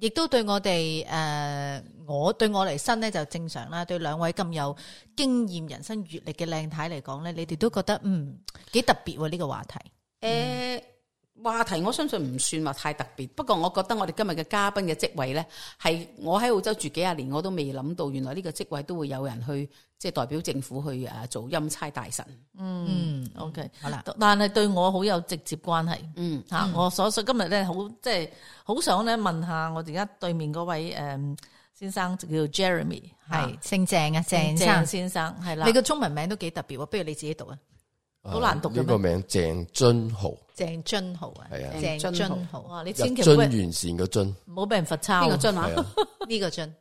亦都對我哋誒、呃，我對我嚟身咧就正常啦。對兩位咁有經驗人生閲歷嘅靚太嚟講咧，你哋都覺得，嗯，幾特別喎呢個話題。嗯話題我相信唔算話太特別，不過我覺得我哋今日嘅嘉賓嘅職位咧，係我喺澳洲住幾廿年，我都未諗到，原來呢個職位都會有人去，即係代表政府去誒做欽差大臣嗯。嗯，OK，好啦，但係對我好有直接關係。嗯，吓，我所說今日咧好即係好想咧問下我哋而家對面嗰位誒先生叫 Jeremy，係姓鄭啊，鄭先生係啦。你個中文名都幾特別，不如你自己讀啊，好難讀。呢、啊這個名鄭津豪。鄭俊豪啊，鄭、啊、俊，俊豪啊，你千祈唔好完善個俊，唔好俾人罰抄。呢個俊啊？呢、啊、 個俊，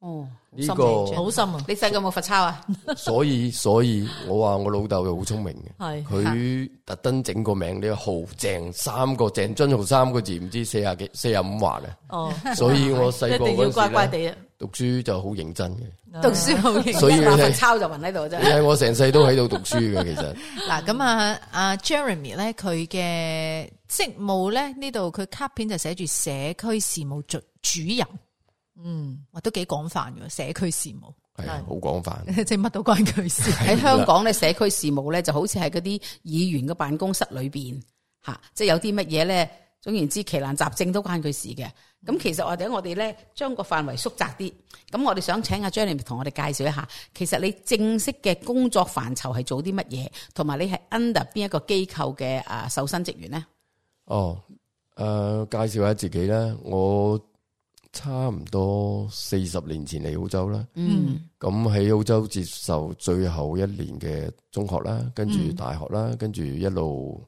哦，呢、這個好深，這個深啊！你細個冇罰抄啊？所 以所以，所以我話我老豆又好聰明嘅，係佢特登整個名呢、這個豪鄭三個鄭俊豪三個字，唔知四十幾四十五劃哦， 所以我細個一定要乖乖地啊。讀書就好認真嘅，讀書好認真，所以我係抄就問喺度啫。係 我成世都喺度讀書嘅，其實。嗱 咁啊，阿 Jeremy 咧，佢嘅職務咧，呢度佢卡片就寫住社區事務主主任。嗯，哇，都幾廣泛嘅社區事務係，好廣泛，即係乜都關佢事。喺香港咧，社區事務咧就好似係嗰啲議員嘅辦公室裏邊吓， 即係有啲乜嘢咧。總言之，奇難雜症都關佢事嘅。咁其實或者我哋咧，將個範圍縮窄啲。咁我哋想請阿 Jeremy 同我哋介紹一下，其實你正式嘅工作範疇係做啲乜嘢，同埋你係 under 邊一個機構嘅啊，受薪職員咧？哦，誒、呃，介紹一下自己啦。我差唔多四十年前嚟澳洲啦。嗯。咁喺澳洲接受最後一年嘅中學啦，跟住大學啦，跟住一路。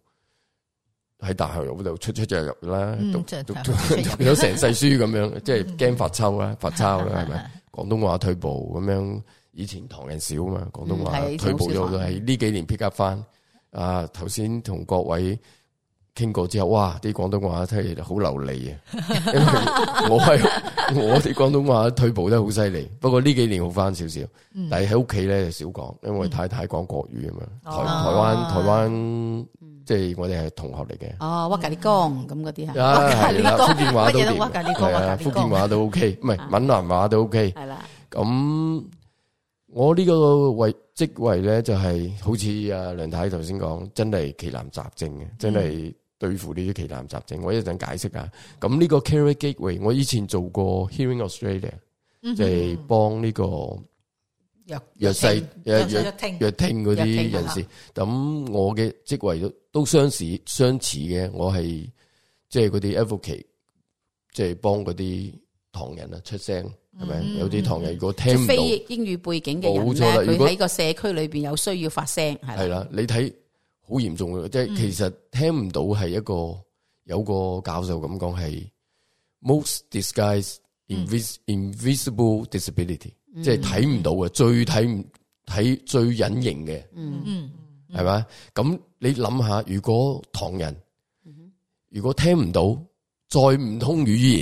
喺大學入嗰度出出入入啦，讀咗成世書咁樣，即係驚發抄啦，發抄啦，係 咪？廣東話退步咁樣，以前唐人少啊嘛，廣東話退步咗都喺呢幾年 pick up 翻。啊，頭先同各位。聽過之後，哇！啲廣東話真係好流利啊！因為我係我啲廣東話退步得好犀利，不過呢幾年好翻少少。但係喺屋企咧就少講，因為太太講國語啊嘛、嗯。台灣、哦、台灣、嗯、即係我哋係同學嚟嘅、哦。啊挖咖喱公咁嗰啲係啊，係啦，福建話都，都，福建話都 OK，唔係閩南話都 OK。係、啊、啦，咁我呢個位職位咧就係、是、好似阿梁太頭先講，真係奇難雜症嘅，真係。嗯對付呢啲疑難雜症，我一陣解釋啊。咁呢個 Carer Gateway，我以前做過 hearing Australia，即係幫呢個弱弱細弱弱，弱，弱，弱聽嗰啲人士。咁、嗯、我嘅職位都相似相似嘅，我係即係嗰啲 advocate，即係幫嗰啲唐人啊出聲，係、嗯、咪？有啲唐人如果聽唔到非英語背景嘅人佢喺個社區裏邊有需要發聲，係啦，你睇。好嚴重嘅，即係其實聽唔到係一個有個教授咁講係 most disguised invis invisible disability，即係睇唔到嘅，最睇唔睇最隱形嘅，係咪？咁你諗下，如果唐人如果聽唔到，再唔通語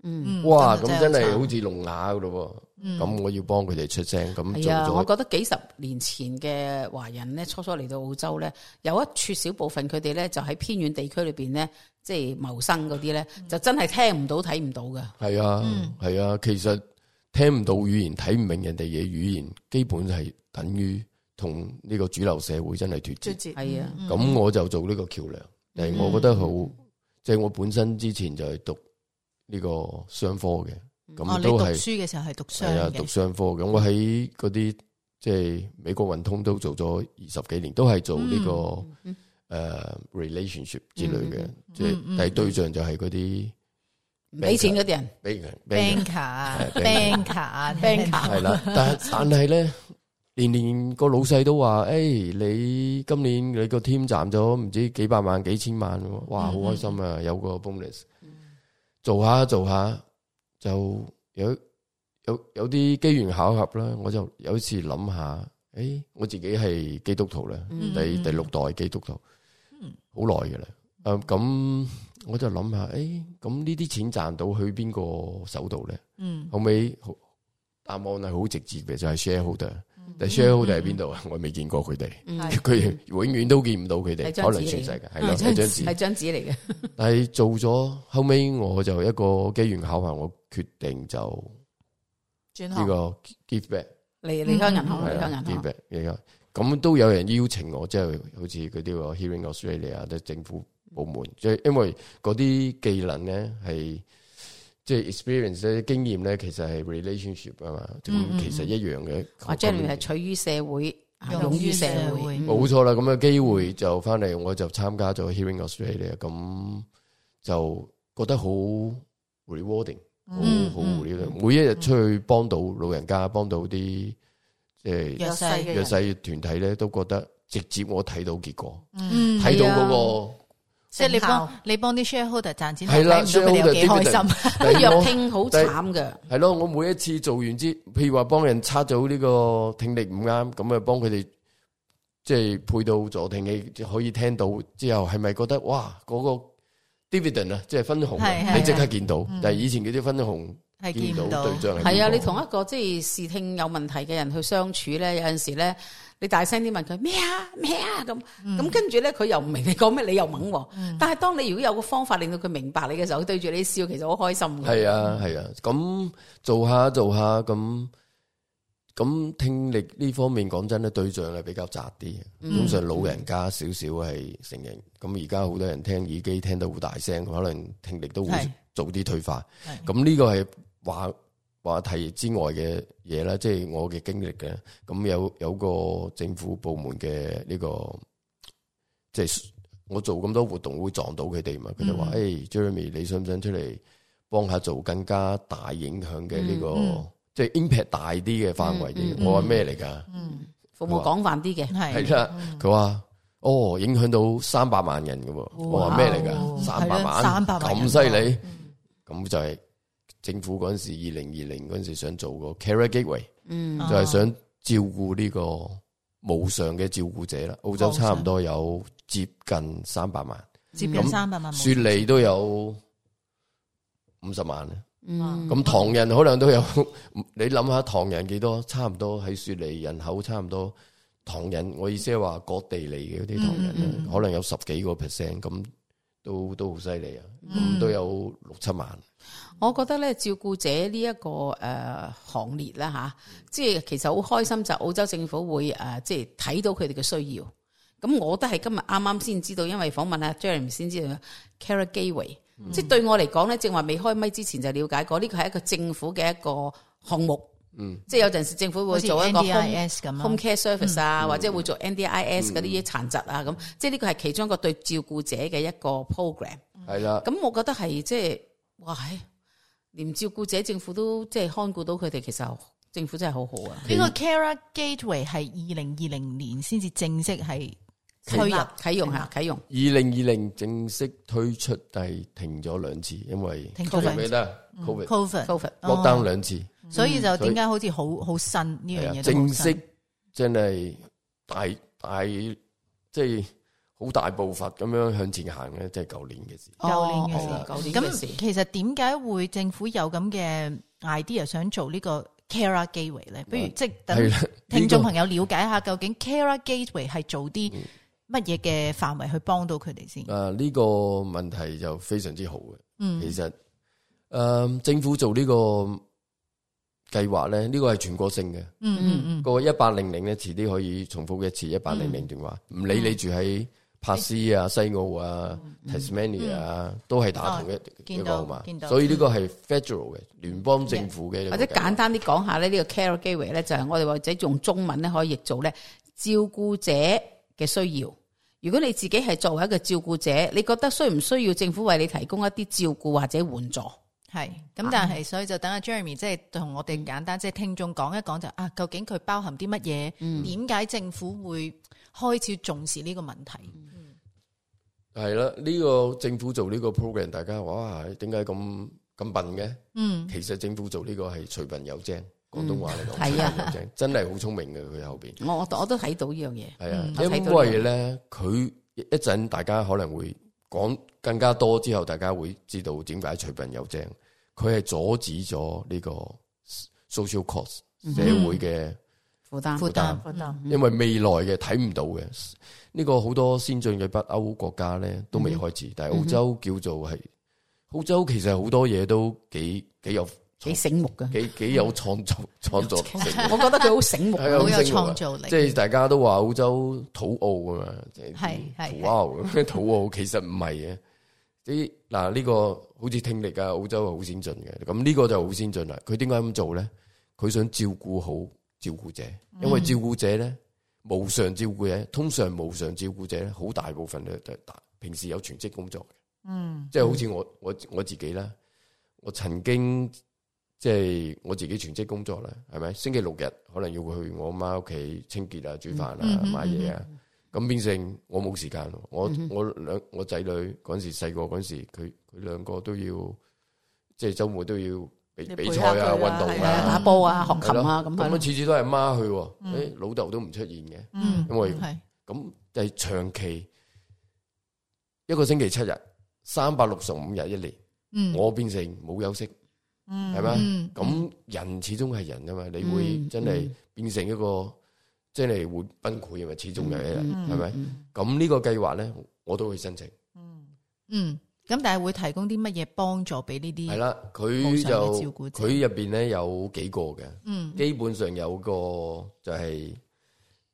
言，哇！咁真係好似聾啞噶咯。咁、嗯、我要幫佢哋出聲，咁做咗、啊。我覺得幾十年前嘅華人咧，初初嚟到澳洲咧，有一處小部分佢哋咧，就喺偏遠地區裏邊咧，即係謀生嗰啲咧，就真係聽唔到、睇唔到㗎。係啊，係、嗯、啊，其實聽唔到語言、睇唔明人哋嘅語言，基本係等於同呢個主流社會真係脫節。係啊，咁、嗯、我就做呢個橋樑。誒、嗯，我覺得好，即、就、係、是、我本身之前就係讀呢個商科嘅。咁都係，讀書嘅時候係讀商嘅，係啊，讀商科。咁我喺嗰啲即係美國運通都做咗二十幾年，都係做呢個誒 relationship 之類嘅，即係第對象就係嗰啲俾錢嗰啲人，俾人 banker，banker，banker 係啦。但係但係咧，年年個老細都話：誒，你今年你個 team 賺咗唔知幾百萬幾千萬，哇，好開心啊！有個 bonus，做下做下。就有有有啲機緣巧合啦，我就有一次諗下，誒、哎，我自己係基督徒咧，第第六代基督徒，好耐嘅啦，誒、呃、咁我就諗下，誒、哎，咁呢啲錢賺到去邊個手度咧？嗯嗯，後尾答案係好直接嘅，就係、是、Shareholder。share 定喺邊度啊？我未見過佢哋，佢、嗯嗯、永遠都見唔到佢哋，可能全世嘅係兩張係張紙嚟嘅。但係做咗後尾，我就一個機緣巧合，我決定就轉呢個 give back，離離開銀行，離開銀 give back，離咁都有人邀請我，即係好似嗰啲個 Hearing Australia 即係政府部門，即、嗯、係因為嗰啲技能咧係。即、就、係、是、experience 咧，經驗咧，其實係 relationship 啊嘛，咁其實一樣嘅、mm -hmm.。我 Jennie 係取於社會，用於社會，冇錯啦。咁嘅機會就翻嚟，我就參加咗 Hearing Australia，咁就覺得好 rewarding，好好 rewarding。Mm -hmm. 每一日出去幫到老人家，幫到啲即係弱勢嘅團體咧，都覺得直接我睇到結果，睇、mm -hmm. 到嗰、那個。Mm -hmm. 即係你幫你幫啲 shareholder 賺錢，佢聽咗佢哋有幾開心， 聽得 聽好慘㗎。係咯，我每一次做完之，譬如話幫人測咗呢個聽力唔啱，咁啊幫佢哋即係配到助聽器，就可以聽到之後，係咪覺得哇嗰、那個 dividend 啊，即係分紅，對對對，你即刻見到。但、嗯、係以前嗰啲分紅。係見到對象係，係啊！你同一個即係視聽有問題嘅人去相處咧，有陣時咧，你大聲啲問佢咩啊咩啊咁咁，跟住咧佢又唔明你講咩，你又懵。但係當你如果有個方法令到佢明白你嘅時候，對住你笑，其實好開心嘅。係啊，係啊，咁做下做下咁咁聽力呢方面，講真咧，對象係比較窄啲。通常老人家少少係承認咁，而家好多人聽耳機，聽得好大聲，可能聽力都會早啲退化。咁呢個係。話話題之外嘅嘢啦，即係我嘅經歷嘅。咁有有個政府部門嘅呢個，即係我做咁多活動會撞到佢哋嘛。佢、嗯、就話：誒、hey,，Jeremy，你想唔想出嚟幫下做更加大影響嘅呢個，即係 impact 大啲嘅範圍啲？嗯、我話咩嚟噶？服務廣泛啲嘅係。係啦，佢話、嗯：哦，影響到三百萬人嘅，哦、我話咩嚟噶？三百萬咁犀利，咁、嗯、就係。政府嗰陣時，二零二零嗰陣時想做個 Carer Gateway 就係、是、想照顧呢個無償嘅照顧者啦。澳洲差唔多有接近三百萬、嗯，接近三百萬，雪梨都有五十萬咧。咁、嗯、唐人可能都有，你諗下唐人幾多？差唔多喺雪梨人口差唔多唐人，我意思係話各地嚟嘅嗰啲唐人、嗯嗯，可能有十幾個 percent，咁都都好犀利啊！咁、嗯、都有六七萬。我覺得咧，照顧者呢一個誒行列啦嚇，即係其實好開心就澳洲政府會誒即係睇到佢哋嘅需要。咁我都係今日啱啱先知道，因為訪問阿 Jeremy 先知道 c a r r g a t e y 即係對我嚟講咧，正話未開咪之前就了解過，呢個係一個政府嘅一個項目。嗯，即係有陣時政府會做一個 Home, home Care Service 啊、嗯，或者會做 NDIS 嗰啲殘疾啊咁。即係呢個係其中一個對照顧者嘅一個 program。係、嗯、啦，咁我覺得係即係哇連照顧者政府都即係看顧到佢哋，其實政府真係好好啊。呢、這個 Cara Gateway 係二零二零年先至正式係推入啟用吓，啟用。二零二零正式推出，但係停咗兩次，因為停唔記得。COVID COVID lockdown 兩次。所以就點解好似好、嗯、好新呢樣嘢？正式真係大大即係。就是好大步伐咁樣向前行咧，即係舊年嘅事。舊、哦、年嘅事，舊、哦、年嘅事。咁其實點解會政府有咁嘅 idea 想做呢個 Carer Gateway 咧？不如即係等聽眾朋友了解一下、嗯，究竟 Carer Gateway 係做啲乜嘢嘅範圍去幫到佢哋先。誒、嗯、呢、啊這個問題就非常之好嘅、嗯。其實誒、呃，政府做這個計劃呢、這個計劃咧，呢個係全國性嘅。嗯嗯嗯。個一八零零咧，遲啲可以重複一次一八零零電話，唔理你住喺。嗯嗯帕斯啊、西澳啊、Tasmania、嗯、啊，都係打同嘅呢個嘛、啊，所以呢個係 federal 嘅聯、嗯、邦政府嘅、嗯。或者簡單啲講下咧，呢、呢個 caregiver 咧就係我哋或者用中文咧可以譯做咧照顧者嘅需要。如果你自己係作為一個照顧者，你覺得需唔需要政府為你提供一啲照顧或者援助？係咁，但係、啊、所以就等阿 Jeremy 即係同我哋簡單即係、就是、聽眾講一講就啊，究竟佢包含啲乜嘢？點、嗯、解政府會開始重視呢個問題？係啦，呢、這個政府做呢個 program，大家話哇，點解咁咁笨嘅？嗯，其實政府做呢個係徐笨有精，廣東話嚟講係啊，真係好聰明嘅佢後邊。我我都睇到呢樣嘢。係啊、嗯，因為咧，佢一陣大家可能會講更加多之後，大家會知道點解徐笨有精。佢係阻止咗呢個 social cost、嗯、社會嘅。負擔負擔負擔，因為未來嘅睇唔到嘅，呢個好多先進嘅北歐國家咧都未開始，mm -hmm. 但係澳洲叫做係澳洲，其實好多嘢都幾幾有幾醒目噶，幾幾有創作創作性。我覺得佢好醒目，好有創造力。即係大家都話澳洲土澳㗎嘛，即係土澳其實唔係嘅。啲嗱呢個好似聽力噶，澳洲係好先進嘅，咁呢個就好先進啦。佢點解咁做咧？佢想照顧好照顧者，因為照顧者咧，無償照顧者，通常無償照顧者咧，好大部分咧，平時有全職工作嘅，嗯，即係好似我我我自己啦，我曾經即係、就是、我自己全職工作啦，係咪？星期六日可能要去我媽屋企清潔啊、煮飯啊、買嘢啊，咁、嗯嗯嗯嗯、變成我冇時間，我我兩我仔女嗰陣時細個嗰陣時，佢佢兩個都要，即係周末都要。比比賽啊，運動啊，對對對打波啊，學琴啊，咁樣，咁次次都係媽去、啊，誒、嗯，老、欸、豆都唔出現嘅、嗯，因為咁就係長期，一個星期七日，三百六十五日一年、嗯，我變成冇休息，係、嗯、咪？咁、嗯、人始終係人啊嘛，你會真係變成一個，即、嗯、係、嗯、會崩潰啊嘛，始終有一日，係、嗯、咪？咁、嗯嗯、呢個計劃咧，我都會申請，嗯，嗯。咁但係會提供啲乜嘢幫助俾呢啲係啦，佢就照顧佢入邊咧有幾個嘅，嗯，基本上有個就係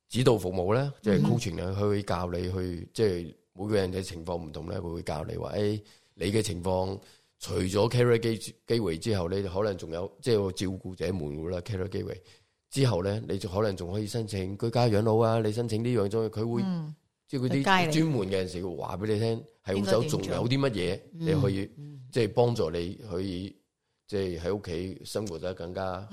指導服務咧、嗯，即係高全啊，佢、嗯、會教你去，即係每個人嘅情況唔同咧，佢會教你話，誒、哎，你嘅情況除咗 caregiver 機會之後你可能仲有即係、就是、照顧者門戶啦 caregiver 之後咧，你就可能仲可以申請居家養老啊，你申請呢樣咗，佢會。嗯即係嗰啲專門嘅，時要話俾你聽，喺屋企仲有啲乜嘢，你可以即係幫助你，可以即係喺屋企生活得更加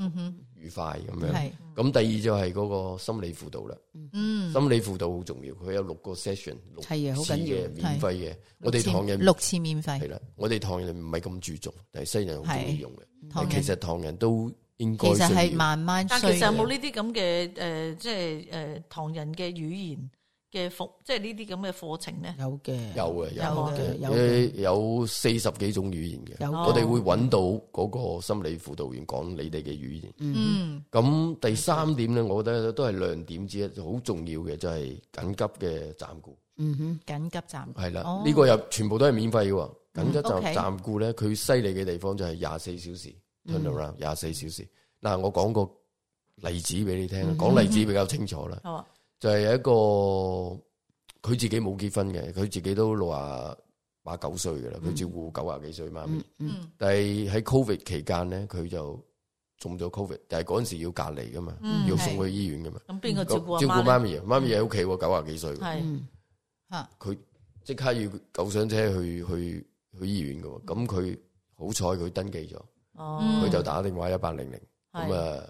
愉快咁、嗯、樣。咁、嗯、第二就係嗰個心理輔導啦。嗯，心理輔導好重要，佢有六個 Session，六次嘅免費嘅。我哋唐人六次免費係啦。我哋唐人唔係咁注重，但係西人好中意用嘅。其實唐人都應該。其實係慢慢，但係其實冇呢啲咁嘅誒，即係誒，唐人嘅語言。嘅服，即係呢啲咁嘅課程咧，有嘅，有嘅，有嘅，有有四十幾種語言嘅，我哋會揾到嗰個心理輔導員講你哋嘅語言。嗯，咁第三點咧，我覺得都係亮點之一，好重要嘅就係、是、緊急嘅暫顧。嗯哼，緊急暫係啦，呢、哦這個又全部都係免費嘅。緊急暫暫顧咧，佢犀利嘅地方就係廿四小時，turnaround 廿四小時。嗱、嗯，我講個例子俾你聽，講例子比較清楚啦。嗯就係、是、一個佢自己冇結婚嘅，佢自己都六啊八九歲噶啦，佢照顧九啊幾歲媽咪。嗯，但係喺 Covid 期間咧，佢就中咗 Covid，但係嗰陣時候要隔離噶嘛，要送去醫院噶嘛。咁邊個照顧媽咪，咪？照顧媽咪，媽咪喺屋企喎，九啊幾歲。係、嗯、吓，佢即刻要救上車去去去醫院噶，咁佢好彩佢登記咗，佢、嗯、就打電話一八零零咁啊。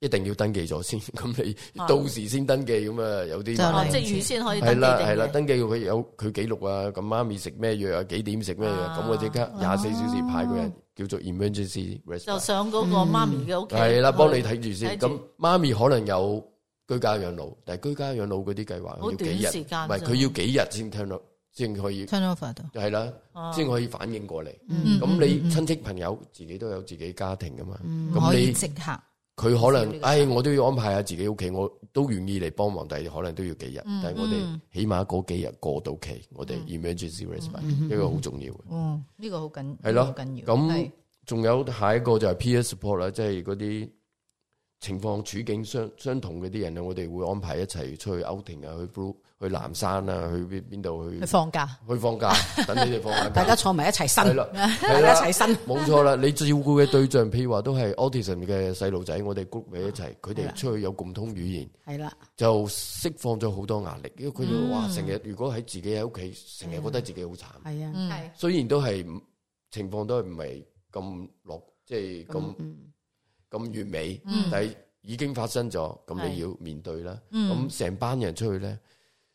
一定要登記咗先，咁你到時先登記，咁啊有啲就即係預先可以登記。係啦係啦，登記佢有佢記錄啊。咁媽咪食咩藥，幾點食咩藥，咁我即刻廿四小時派個人叫做 Emergency Response，就上嗰個媽咪嘅屋企。係啦，幫你睇住先。咁媽咪可能有居家養老，但係居家養老嗰啲計劃要幾日？唔係，佢要幾日先聽到，先可以。聽到快到。係啦，先可以反應過嚟。咁你親戚朋友自己都有自己家庭噶嘛？咁你即刻。佢可能，唉、哎，我都要安排下自己屋企，我都願意嚟幫忙，但係可能都要幾日。但係我哋起碼嗰幾日過到期，我哋 emergency response，呢個好重要嘅。嗯，呢、嗯嗯呢個好、嗯嗯嗯嗯呢個、緊，係咯，好緊要。咁仲有下一個就係 peer support 啦，即係嗰啲情況處境相相同嘅啲人咧，我哋會安排一齊出去 outing 啊，去 blue。去南山啊！去邊邊度去？去放假，去放假，等你哋放翻假。大家坐埋一齊新係啦，一齊新。冇錯啦，你照顧嘅對象，譬如話都係 Autism 嘅細路仔，我哋 group 埋一齊，佢哋出去有共通語言，係啦，就釋放咗好多壓力。因為佢哋話，成日如果喺自己喺屋企，成日覺得自己好慘。係啊，係。雖然都係唔情況都係唔係咁落，即係咁咁越尾，但係已經發生咗，咁你要面對啦。咁成班人出去咧。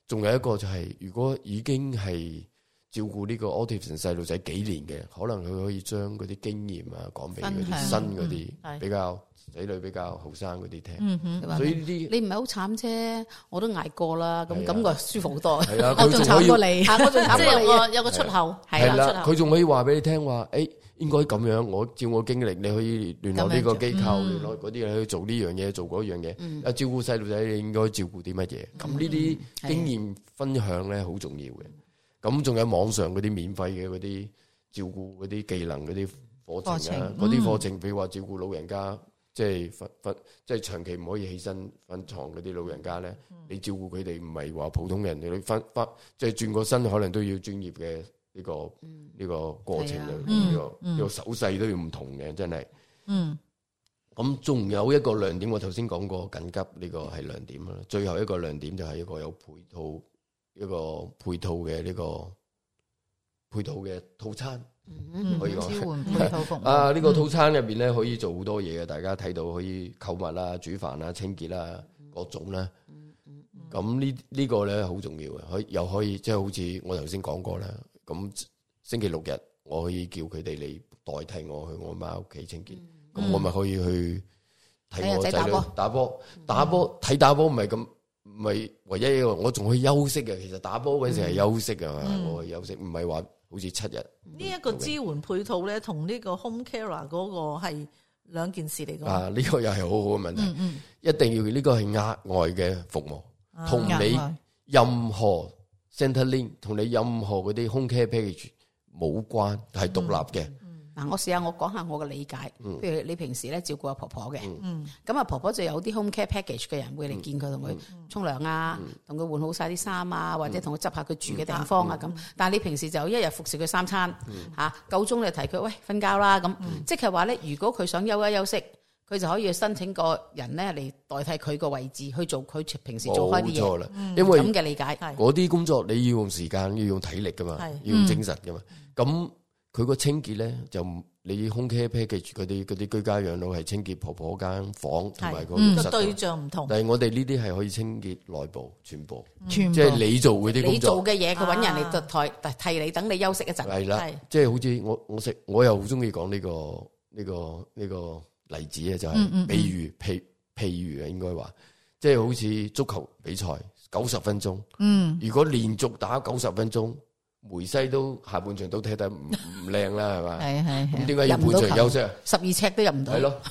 仲有一個就係，如果已經係照顧呢個 autism 細路仔幾年嘅，可能佢可以將嗰啲經驗啊講畀嗰啲新嗰啲比較。仔女比較後生嗰啲聽，所以呢啲你唔係好慘啫，我都捱過啦。咁感覺舒服好多，我仲慘過你，我仲即係有個有個出口。係啦，佢仲可以話俾你聽話，誒應該咁樣。我照我經歷，你可以聯絡呢個機構，聯絡嗰啲去做呢樣嘢，做嗰一樣嘢。啊，照顧細路仔你應該照顧啲乜嘢？咁呢啲經驗分享咧，好重要嘅。咁仲有網上嗰啲免費嘅嗰啲照顧嗰啲技能嗰啲課程啊，嗰啲課程，譬如話照顧老人家。即係瞓瞓，即係長期唔可以起身瞓床嗰啲老人家咧，你照顧佢哋唔係話普通人嘅，你瞓瞓即係轉個身，可能都要專業嘅呢個呢個，嗯，呢個過程度，呢個，嗯，呢個呢個手勢都要唔同嘅，真係。嗯。咁仲有一個亮點，我頭先講過緊急呢個係亮點啦。最後一個亮點就係一個有配套一個配套嘅呢個配套嘅套餐。嗯嗯、可以講啊！呢、嗯呢個套餐入邊咧可以做好多嘢嘅，嗯，大家睇到可以購物啦、啊、煮飯啦、啊、清潔啦、啊嗯，各種啦、啊。嗯嗯嗯。咁呢呢個咧好重要嘅，可以又可以即係、就是、好似我頭先講過啦。咁星期六日我可以叫佢哋嚟代替我去我媽屋企清潔，咁、嗯、我咪可以去睇我仔女打波、打波、嗯、打波睇打波，唔係咁。唔係唯一一個，我仲可以休息嘅。其實打波嗰陣時係休息㗎嘛、嗯，我去休息，唔係話好似七日。呢、嗯、一、這個支援配套咧，同呢個 home care 嗰個係兩件事嚟嘅。啊，呢、這個又係好好嘅問題、嗯嗯，一定要呢個係額外嘅服務，同、啊、你任何 Centrelink，同你任何嗰啲 home care package 冇關，係獨立嘅。嗯嗯嗱，我試下我講下我嘅理解。譬如你平時咧照顧阿婆婆嘅，咁、嗯、啊婆婆就有啲 home care package 嘅人會嚟見佢，同佢沖涼啊，同佢換好晒啲衫啊，或者同佢執下佢住嘅地方啊咁、嗯嗯。但係你平時就一日服侍佢三餐，吓夠鐘就提佢喂瞓覺啦咁、嗯。即係話咧，如果佢想休一休息，佢就可以申請個人咧嚟代替佢個位置去做佢平時做開啲嘢。冇錯啦，因為咁嘅理解，嗰啲工作你要用時間，要用體力噶嘛，要用精神噶嘛，咁、嗯。佢個清潔咧，就你 home care package 啲啲居家養老係清潔婆婆間房，同埋個個對象唔同，但係我哋呢啲係可以清潔內部全部，全部，即係你做嗰啲工作，你做嘅嘢佢揾人嚟代、啊、替你，等你休息一陣，係啦，即係、就是、好似我我食我又好中意講呢、呢個呢、呢個呢、呢個例子啊，就係、是嗯嗯嗯、譬，譬，譬如譬譬如啊，應該話即係好似足球比賽九十分鐘，嗯，如果連續打九十分鐘。梅西都下半場都踢得唔唔靚啦，係 嘛？係啊係。咁點解要半場休息啊？十二尺都入唔到。係咯，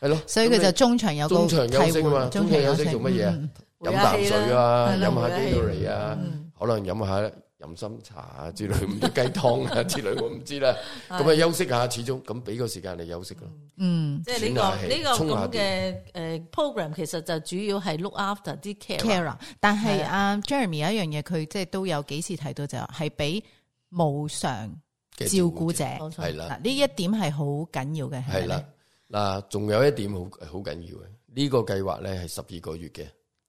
係 咯。所以佢就中場休息。中場休息嘛。中場休息做乜嘢啊？飲啖、嗯嗯、水啊，飲下飲料嚟啊，可能飲下、嗯嗯飲心茶啊之類，咁啲雞湯啊之類， 我唔知啦。咁啊，休息下，始終咁俾個時間你休息咯。嗯，嗯即係呢、這個呢、這個咁嘅誒 program，其實就主要係 look after 啲 care，但係阿、啊啊、Jeremy 有一樣嘢，佢即係都有幾次提到就係、是、俾無償嘅照顧者係啦。嗱、啊，呢一點係好緊要嘅。係啦，嗱，仲、啊、有一點好好緊要嘅，呢、這個計劃咧係十二個月嘅，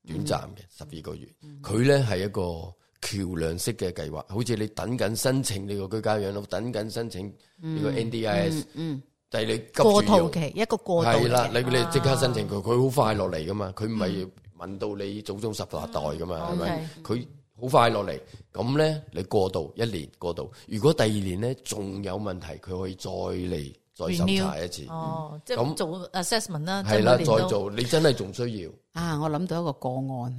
嗯、短暫嘅，十二個月，佢咧係一個。橋梁式嘅計劃，好似你等緊申請呢個居家養老，等緊申請呢個 NDIS，但、嗯、係、嗯嗯就係、你過渡期一個過渡，係啦，你你即刻申請佢，佢、啊、好快落嚟噶嘛，佢唔係問到你祖宗十八代噶嘛，係、嗯、咪？佢好、okay，快落嚟，咁咧你過渡一年過渡，如果第二年咧仲有問題，佢可以再嚟。再審查一次，哦，咁、嗯、做 assessment 啦、嗯。係、就、啦、是，再做，你真係仲需要。啊，我諗到一個個案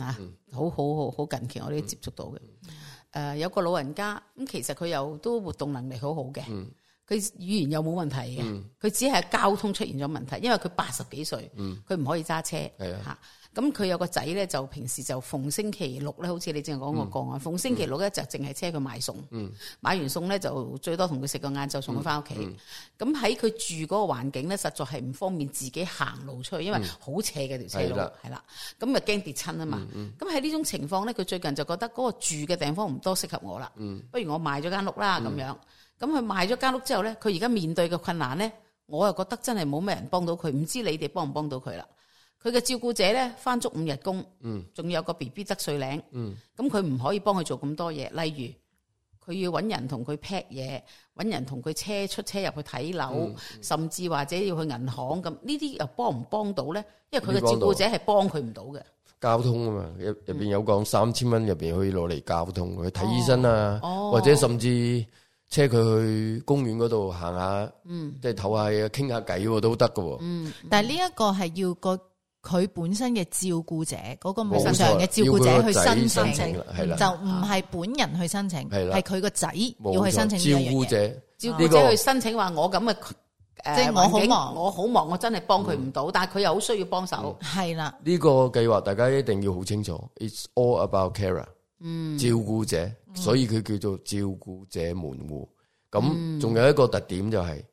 好好好好近期我哋都接觸到嘅、嗯嗯呃。有個老人家，咁其實佢又都活動能力好好嘅，佢、嗯、語言又冇問題嘅，佢、嗯、只係交通出現咗問題，因為佢八十幾歲，佢、嗯、唔可以揸車，嗯咁佢有個仔咧，就平時就逢星期六咧，好似你正講個個案、嗯，逢星期六咧就淨係車佢買餸、嗯，買完餸咧就最多同佢食個晏晝，送佢翻屋企。咁喺佢住嗰個環境咧，實在係唔方便自己行路出去，因為好斜嘅條車路係啦。咁又驚跌親啊嘛。咁喺呢種情況咧，佢最近就覺得嗰個住嘅地方唔多適合我啦、嗯。不如我賣咗間屋啦咁樣。咁佢賣咗間屋之後咧，佢而家面對嘅困難咧，我又覺得真係冇咩人幫到佢，唔知你哋幫唔幫到佢啦。.佢嘅照顧者咧，翻足五日工。還，嗯，仲有個 B B 得稅領，嗯，咁佢唔可以幫佢做咁多嘢，例如佢要搵人同佢劈嘢，搵人同佢車出車入去睇樓，嗯、甚至或者要去銀行，咁呢啲又幫唔幫到咧？因為佢嘅照顧者係幫佢唔到嘅。交通啊嘛，入入邊有講三千蚊，入邊可以攞嚟交通，去睇醫生啊，或者甚至車佢去公園嗰度行下，嗯，即係唞下嘢，傾下偈都得嘅。嗯，但係呢一個係要個。佢本身嘅照顧者嗰、那個事實上嘅照顧者去申請，就唔係本人去申請，係佢個仔要去申請照顧者，照顧者、啊、者去申請話我咁嘅，即、這、係、個呃就是，我好忙，我好忙，我真係幫佢唔到，但係佢又好需要幫手，係、嗯、啦。呢、這個計劃大家一定要好清楚，It's all about carer。嗯，照顧者，所以佢叫做照顧者門戶。咁、嗯、仲、嗯、有一個特點就係、是，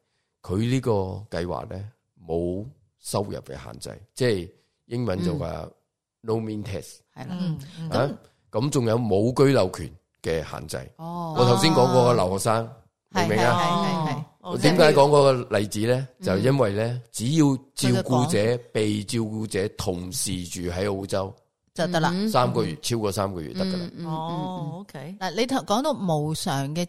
佢呢個計劃咧冇收入嘅限制，即係。英文就話 No means test 係啦，咁咁仲有冇居留權嘅限制。我頭先講過個留學生明唔明啊？點解講嗰個例子咧？就因為咧，只要照顧者被照顧者同時住喺澳洲就得啦，三個月超過三個月得噶啦。哦，OK 嗱，你頭講到無償嘅。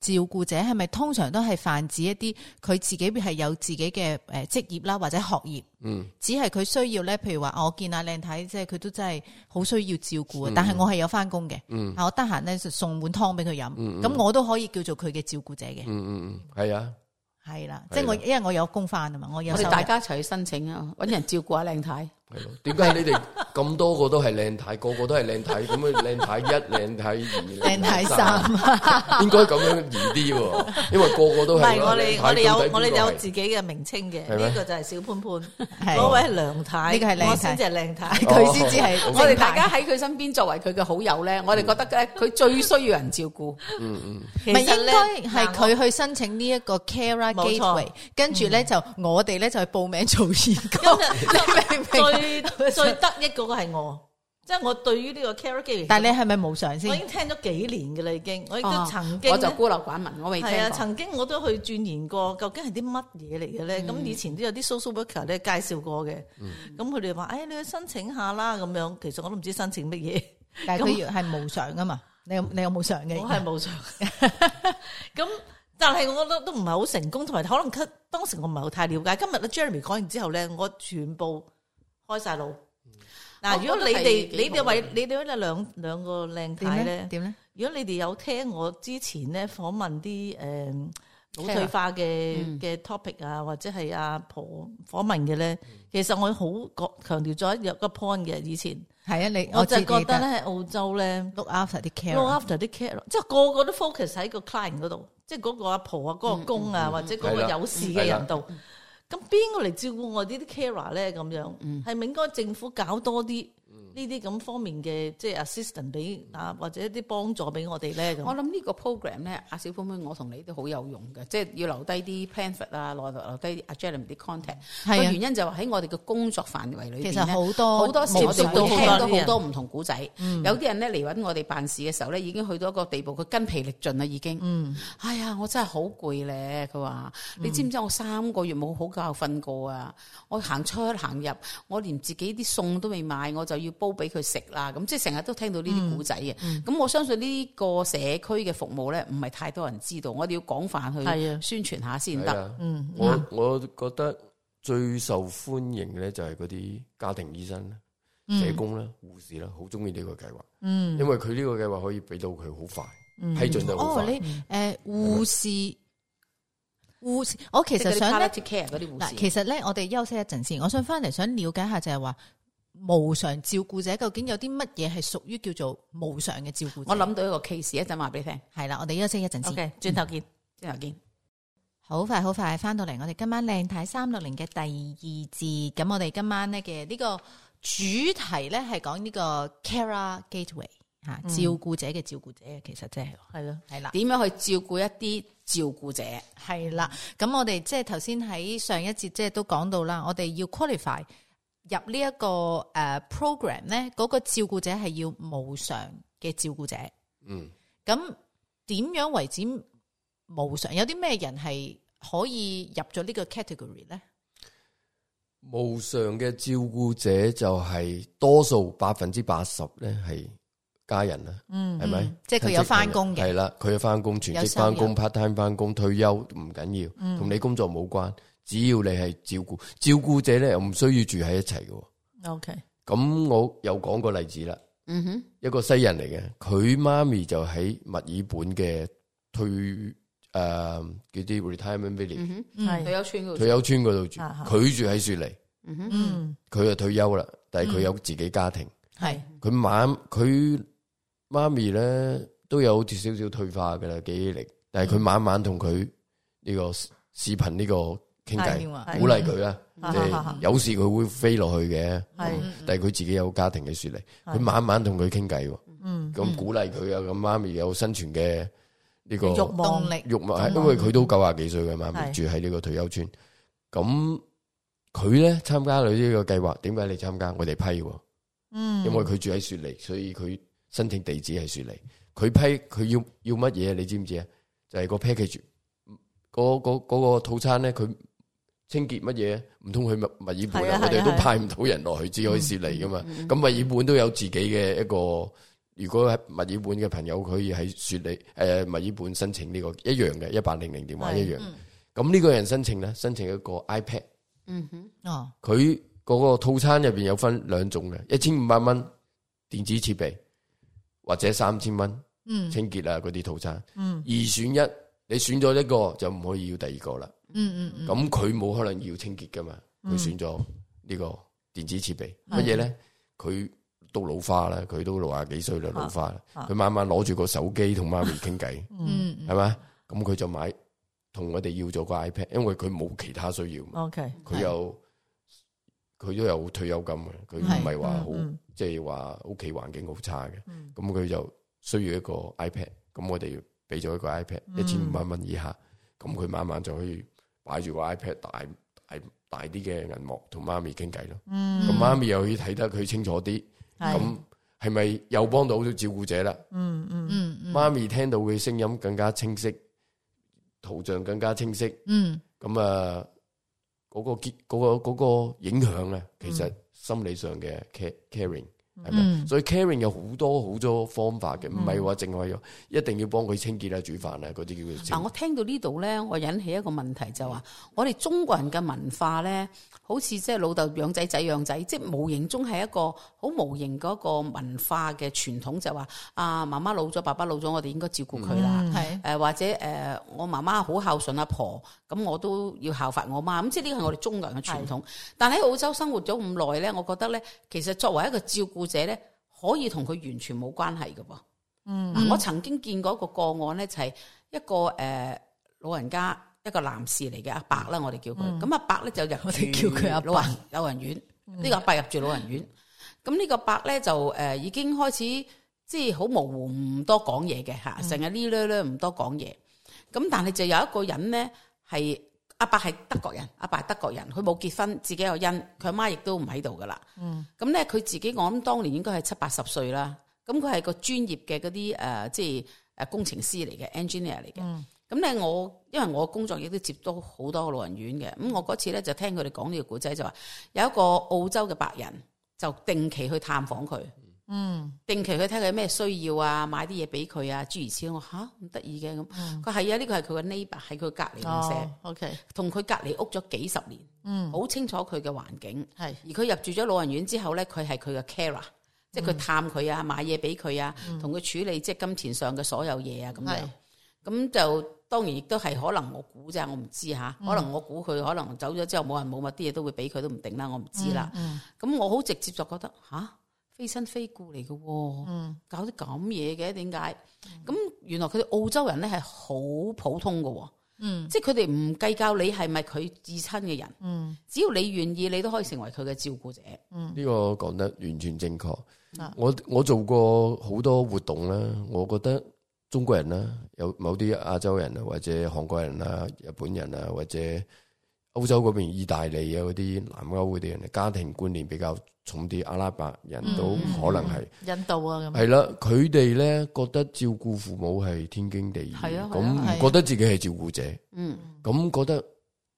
照顧者係咪通常都係泛指一啲佢自己係有自己嘅誒職業啦或者學業，嗯，只係佢需要咧，譬如話我見阿靚太即係佢都真係好需要照顧啊，嗯，但係我係有翻工嘅，嗯，我得閒咧就送碗湯俾佢飲，嗯，咁我都可以叫做佢嘅照顧者嘅，嗯嗯嗯，係啊，係啦，即係我因為我有工翻啊嘛，我有，我哋大家一齊去申請找啊，搵人照顧阿靚太。 係咯？點解你哋咁多個都係靚太，個個都係靚太？咁啊，靚太一、靚太二、靚太三，應該咁樣易啲喎。因為個個都係唔係我哋，我哋有我哋有自己嘅名稱嘅。呢個就係小潘潘，嗰位係梁太，呢個係靚太，即係靚太。佢先至係我哋大家喺佢身邊作為佢嘅好友咧，我哋覺得咧，佢最需要人照顧。嗯嗯，唔係應該係佢去申請呢一個 Cara Gateway，跟住咧就我哋咧就去報名做研究。你明唔明？ 最得益嗰個係我，即 係我對於呢個 character。但係你係咪無償先？我已經聽咗幾年噶啦，已經，哦、我亦都曾經我就孤陋寡聞，我未係啊，曾經我都去鑽研過，究竟係啲乜嘢嚟嘅咧？咁、嗯、以前都有啲 social worker 咧，介紹過嘅，咁佢哋話，哎，你去申請下啦，咁樣。其實我都唔知申請乜嘢，但係佢係無償噶嘛？ 你有你有冇償嘅？我係無償嘅。咁但係我覺得都唔係好成功，同埋可能當時我唔係好太了解。今日咧，Jeremy 講完之後咧，我全部。開晒腦，嗱，如果你哋你哋位你哋嗰兩兩個靚太咧，點咧？如果你哋有聽我之前咧訪問啲誒老退化嘅嘅 topic 啊，或者係阿婆訪問嘅咧，其實我好強強調咗一個 point 嘅，以前係啊，你我就覺得咧，喺澳洲咧 look after 啲 care，look after 啲 care，即係個個都 focus 喺個 client 嗰度，即係嗰個阿婆啊，嗰個公啊，或者嗰個有事嘅人度。咁邊個嚟照顧我啲啲 care 咧？咁樣係咪應該政府搞多啲？呢啲咁方面嘅即係 assistant 俾啊，或者一啲幫助俾我哋咧。我諗呢個 program 咧，阿小潘潘我同你都好有用嘅，即係要留低啲 plan 啊，留留留低啲 agenda 啲 contact。個原因就話喺我哋嘅工作範圍裏邊其實好多好多時都聽到好多唔同古仔，嗯。有啲人咧嚟搵我哋辦事嘅時候咧，已經去到一個地步，佢筋疲力盡啦，已經嗯。哎呀，我真係好攰咧。佢話你知唔知我三個月冇好覺瞓過啊？我行出行入，我連自己啲餸都未買我就要煲。都俾佢食啦，咁即係成日都聽到呢啲古仔嘅。咁、嗯嗯、我相信呢個社區嘅服務咧，唔係太多人知道，我哋要廣泛去宣傳下先得、嗯。我我覺得最受歡迎嘅咧就係嗰啲家庭醫生、嗯、社工啦、護士啦，好中意呢個計劃。嗯，因為佢呢個計劃可以俾到佢好快批准到好快。哦，你誒護、呃、士護士，我其實想咧嗰啲護士。其實咧我哋休息一陣先，我想翻嚟想了解下就係話。無償照顧者究竟有啲乜嘢係屬於叫做無償嘅照顧者？我諗到一個 case 一陣話俾你聽。係啦，我哋休息一陣先。轉、okay, 頭見，轉、嗯、頭見。好快，好快翻到嚟。我哋今晚靚太三六零嘅第二節。咁我哋今晚呢嘅呢個主題咧係講呢個 Cara Gateway 吓、嗯，照顧者嘅照顧者，其實即係係咯，係、嗯、啦。點樣去照顧一啲照顧者？係啦。咁我哋即係頭先喺上一節即係都講到啦，我哋要 qualify。入呢一個誒 program 咧，嗰個照顧者係要無償嘅照顧者。嗯，咁點樣為止無償？有啲咩人係可以入咗呢個 category 咧？無償嘅照顧者就係多數百分之八十咧係。家人啦，係、嗯、咪？即係佢有翻工嘅，係啦，佢有翻工，全職翻工、part time 翻工，退休唔緊要，同、嗯、你工作冇關。只要你係照顧照顧者咧，又唔需要住喺一齊嘅。OK，咁我有講個例子啦。嗯哼，一個西人嚟嘅，佢媽咪就喺墨爾本嘅退誒嗰啲 retirement village、嗯嗯、退休村嗰退休村嗰度住，佢、嗯、住喺雪梨。嗯，佢就退休啦，但係佢有自己家庭。係佢媽佢。媽咪咧都有少少退化嘅啦，記憶力，但係佢晚晚同佢呢個視頻呢個傾偈，鼓勵佢啦。即係有時佢會飛落去嘅。係，但係佢自己有家庭嘅雪梨，佢晚晚同佢傾偈。嗯，咁鼓勵佢啊，咁媽咪有生存嘅呢個動力，欲望係，因為佢都九十幾歲㗎嘛，媽咪住喺呢個退休村。咁佢咧參加咗呢個計劃，點解你參加？我哋批。嗯。因為佢住喺雪梨，所以佢。申請地址係雪梨，佢批佢要要乜嘢？你知唔知啊？就係個 package 嗰嗰個套餐咧，佢、那個那個、清潔乜嘢？唔通去墨爾本啊？啊，我哋都派唔到人落去，只可以雪梨㗎嘛？咁墨爾本都有自己嘅一個，如果係墨爾本嘅朋友，可、呃、以喺雪梨誒墨爾本申請呢、這個一樣嘅，一八零零電話一樣。咁呢、嗯、個人申請咧，申請一個 iPad，嗯哼，哦，佢嗰個套餐入邊有分兩種嘅，一千五百蚊電子設備。或者三千蚊，嗯，清潔啊嗰啲套餐，嗯，二選一，你選咗一個就唔可以要第二個啦，嗯嗯嗯，咁佢冇可能要清潔噶嘛，佢、嗯、選咗呢個電子設備，乜嘢咧？佢都老花啦，佢都六廿幾歲啦，老花啦，佢晚晚攞住個手機同媽咪傾偈，嗯，係咪，咁佢、啊啊啊嗯、就買同我哋要咗個 iPad，因為佢冇其他需要，OK，佢又。佢都有退休金嘅，佢唔係話好，即係話屋企環境好差嘅，咁、嗯、佢就需要一個 iPad，咁我哋俾咗一個 iPad 一千五百蚊以下，咁佢慢慢就可以擺住個 iPad 大大大啲嘅銀幕同媽咪傾偈咯，咁、嗯、媽咪又可以睇得佢清楚啲，咁係咪又幫到好多照顧者啦？嗯嗯嗯，媽咪聽到嘅聲音更加清晰，圖像更加清晰，嗯，咁啊。呃嗰、那個結嗰、那個嗰、那個影響咧，其實心理上嘅 ca caring 係咪、嗯？所以 caring 有好多好多方法嘅，唔係話淨係一定要幫佢清潔、嗯、啊、煮飯啊嗰啲叫佢。嗱，我聽到呢度咧，我引起一個問題就話、是，我哋中國人嘅文化咧。好似即係老豆養仔，仔養仔，即係無形中係一個好無形嗰個文化嘅傳統，就話、是、啊媽媽老咗，爸爸老咗，我哋應該照顧佢啦。係、嗯、誒、呃、或者誒、呃、我媽媽好孝順阿婆，婆，咁我都要效法我媽。咁即係呢個我哋中國人嘅傳統。嗯、但喺澳洲生活咗咁耐咧，我覺得咧，其實作為一個照顧者咧，可以同佢完全冇關係嘅噃。嗯，我曾經見過一個個案咧，就係、是、一個誒、呃、老人家。一個男士嚟嘅阿伯啦，我哋叫佢。咁阿伯咧就入我哋叫佢阿伯老人老人院。呢個阿伯入住老人院。咁呢、嗯呢個伯咧、嗯這個、就誒、呃、已經開始即係好模糊，唔多講嘢嘅吓，成日呢呢呢唔多講嘢。咁但係就有一個人咧係阿伯係德國人，阿伯係德國人，佢冇結婚，自己有因，佢阿媽亦都唔喺度噶啦。咁咧佢自己我諗當年應該係七八十歲啦。咁佢係個專業嘅嗰啲誒即係誒工程師嚟嘅 engineer 嚟嘅。咁咧，我因為我工作亦都接到好多老人院嘅，咁我嗰次咧就聽佢哋講呢個古仔，就話有一個澳洲嘅白人就定期去探訪佢，嗯，定期去睇佢有咩需要啊，買啲嘢俾佢啊，諸如此類。我嚇咁得意嘅咁，佢係、嗯、啊，呢、呢個係佢嘅 neighbor 喺佢隔離唔捨、哦，OK，同佢隔離屋咗幾十年，嗯，好清楚佢嘅環境，係。而佢入住咗老人院之後咧，佢係佢嘅 carer 即係佢探佢啊，買嘢俾佢啊，同、嗯、佢處理即係金錢上嘅所有嘢啊咁樣，咁就。當然，亦都係可能我估咋，我唔知吓、嗯。可能我估佢可能走咗之後冇人冇乜啲嘢都會俾佢都唔定啦，我唔知啦。咁、嗯嗯、我好直接就覺得吓、啊，非親非故嚟嘅，嗯，搞啲咁嘢嘅點解？咁、嗯、原來佢哋澳洲人咧係好普通嘅，嗯，即係佢哋唔計較你係咪佢至親嘅人，嗯，只要你願意，你都可以成為佢嘅照顧者，嗯，呢、這個講得完全正確。嗯、我我做過好多活動咧，我覺得。中國人啦，有某啲亞洲人或者韓國人啊、日本人啊，或者歐洲嗰邊意大利啊嗰啲南歐嗰啲人，家庭觀念比較重啲。阿拉伯人都可能係印度啊，係啦，佢哋咧覺得照顧父母係天經地義，咁覺得自己係照顧者，嗯，咁覺得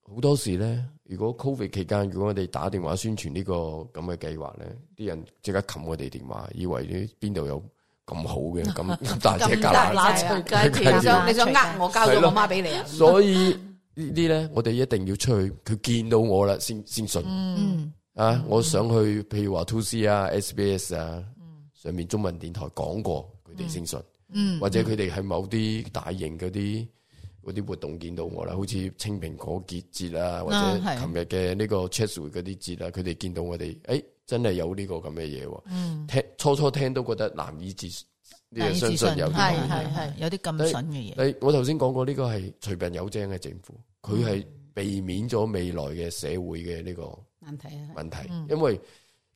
好多時咧。如果 Covid 期間，如果我哋打電話宣傳呢、這個咁嘅計劃咧，啲人即刻冚我哋電話，以為咧邊度有。咁好嘅，咁大係夾硬，你想你想呃我交咗我媽俾你啊？所以呢啲咧，我哋一定要出去，佢見到我啦，先先信。嗯啊，我想去，譬如話 two C 啊、SBS 啊，上面中文電台講過，佢哋先信。嗯，或者佢哋係某啲大型嗰啲啲活動見到我啦，好、嗯、似青蘋果節節啊，或者琴日嘅呢個 Church 嗰啲節啊，佢哋見到我哋，誒、欸。真係有呢個咁嘅嘢，聽初初聽都覺得難以置信，難以置信有啲係係係有啲咁筍嘅嘢。我頭先講過呢個係隨便有精嘅政府，佢係避免咗未來嘅社會嘅呢個問題啊問題。因為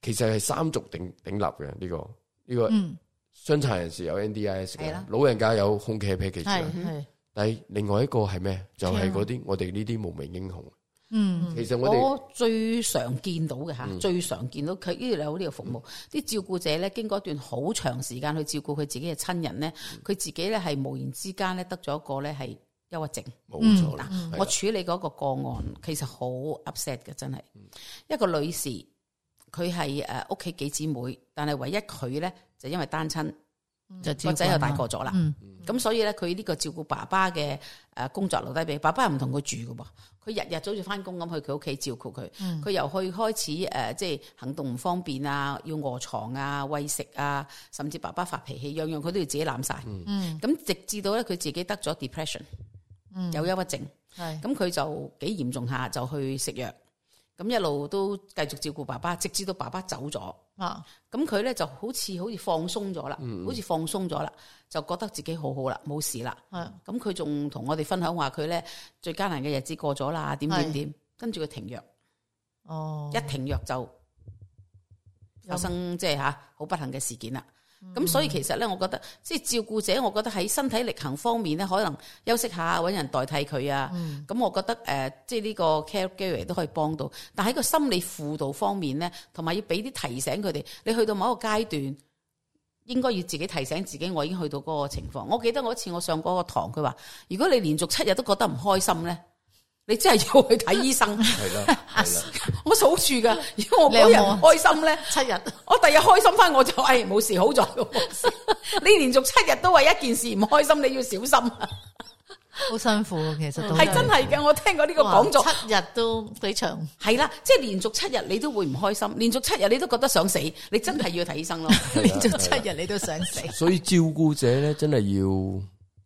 其實係三足鼎鼎立嘅呢個呢個，傷殘人士有 NDIS，老人家有 Home Care Package，係係。但係另外一個係咩？就係嗰啲我哋呢啲無名英雄。嗯，其實我，我最常見到嘅嚇，嗯，最常見到佢呢度有呢個服務，啲、嗯、照顧者咧，經過一段好長時間去照顧佢自己嘅親人咧，佢、嗯、自己咧，係無言之間咧，得咗一個咧，係憂鬱症，冇錯啦。我處理嗰個個案，嗯、其實好 upset 嘅，真係、嗯、一個女士，佢係誒屋企幾姊妹，但係唯一佢咧就因為單親。嗯、就個仔又大個咗啦，咁、嗯嗯嗯、所以咧，佢呢個照顧爸爸嘅誒工作留低俾爸爸不他住的，唔同佢住㗎喎，佢日日早朝返工咁去佢屋企照顧佢。佢、嗯、由去開始誒，即、呃、係、就是、行動唔方便啊，要卧床啊，喂食啊，甚至爸爸發脾氣，樣樣佢都要自己攬晒。咁、嗯、直至到咧，佢自己得咗 depression，、嗯、有憂鬱症。係，咁佢就幾嚴重下，就去食藥。咁一路都繼續照顧爸爸，直至到爸爸走咗啊！咁佢咧就好似好似放鬆咗啦、嗯，好似放鬆咗啦，就覺得自己好好啦，冇事啦。咁佢仲同我哋分享話佢咧最艱難嘅日子過咗啦，點點點，跟住佢停藥，哦，一停藥就發生即係吓好不幸嘅事件啦。咁、嗯、所以其實咧，我覺得即係照顧者，我覺得喺身體力行方面咧，可能休息下，搵人代替佢啊。咁、嗯、我覺得誒，即係呢個 caregiver 都可以幫到。但喺個心理輔導方面咧，同埋要俾啲提醒佢哋，你去到某一個階段，應該要自己提醒自己，我已經去到嗰個情況。我記得我一次我上嗰個堂，佢話如果你連續七日都覺得唔開心咧。你真係要去睇醫生。係 啦，我數住噶。如果我嗰日開心咧，七日，我第日開心翻我就誒冇、哎、事好在。 」你連續七日都為一件事唔開心，你要小心。好辛苦，其實係真係嘅。我聽過呢個講座，七日都非常係啦，即係、就是、連續七日你都會唔開心，連續七日你都覺得想死，你真係要睇醫生咯。 連續七日你都想死， 所以照顧者咧真係要。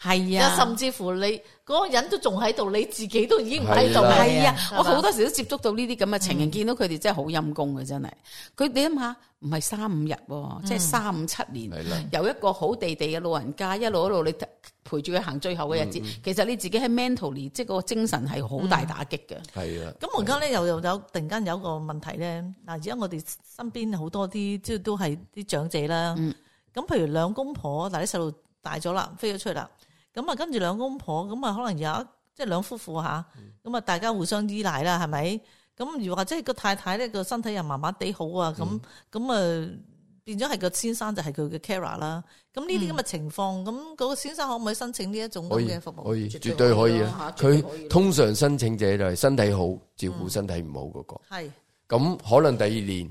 係啊，甚至乎你嗰個人都仲喺度，你自己都已經唔喺度，係啊，啊，啊，啊！我好多時都接觸到呢啲咁嘅情形，嗯，見到佢哋真係好陰功嘅，真係。佢你諗下，唔係三五日，即係三五七年，啊，由一個好地地嘅老人家一路一路你陪住佢行最後嘅日子，嗯，其實你自己喺 mentally 即係個精神係好大打擊嘅。係、嗯、啊。咁而家咧又又有突然間有個問題咧，嗱而家我哋身邊好多啲即係都係啲長者啦，咁、嗯、譬如兩公婆，但啲細路大咗啦，飛咗出去啦。咁啊，跟住兩公婆，咁啊，可能有一即係兩夫婦吓，咁啊，大家互相依賴啦，係咪？咁如果即係個太太咧個身體又麻麻地好啊，咁咁啊，變咗係個先生就係佢嘅 carer 啦。咁呢啲咁嘅情況，咁嗰個先生可唔可以申請呢一種嘅服務？可以，絕對可以。佢通常申請者就係身體好，照顧身體唔好嗰個。係。咁可能第二年。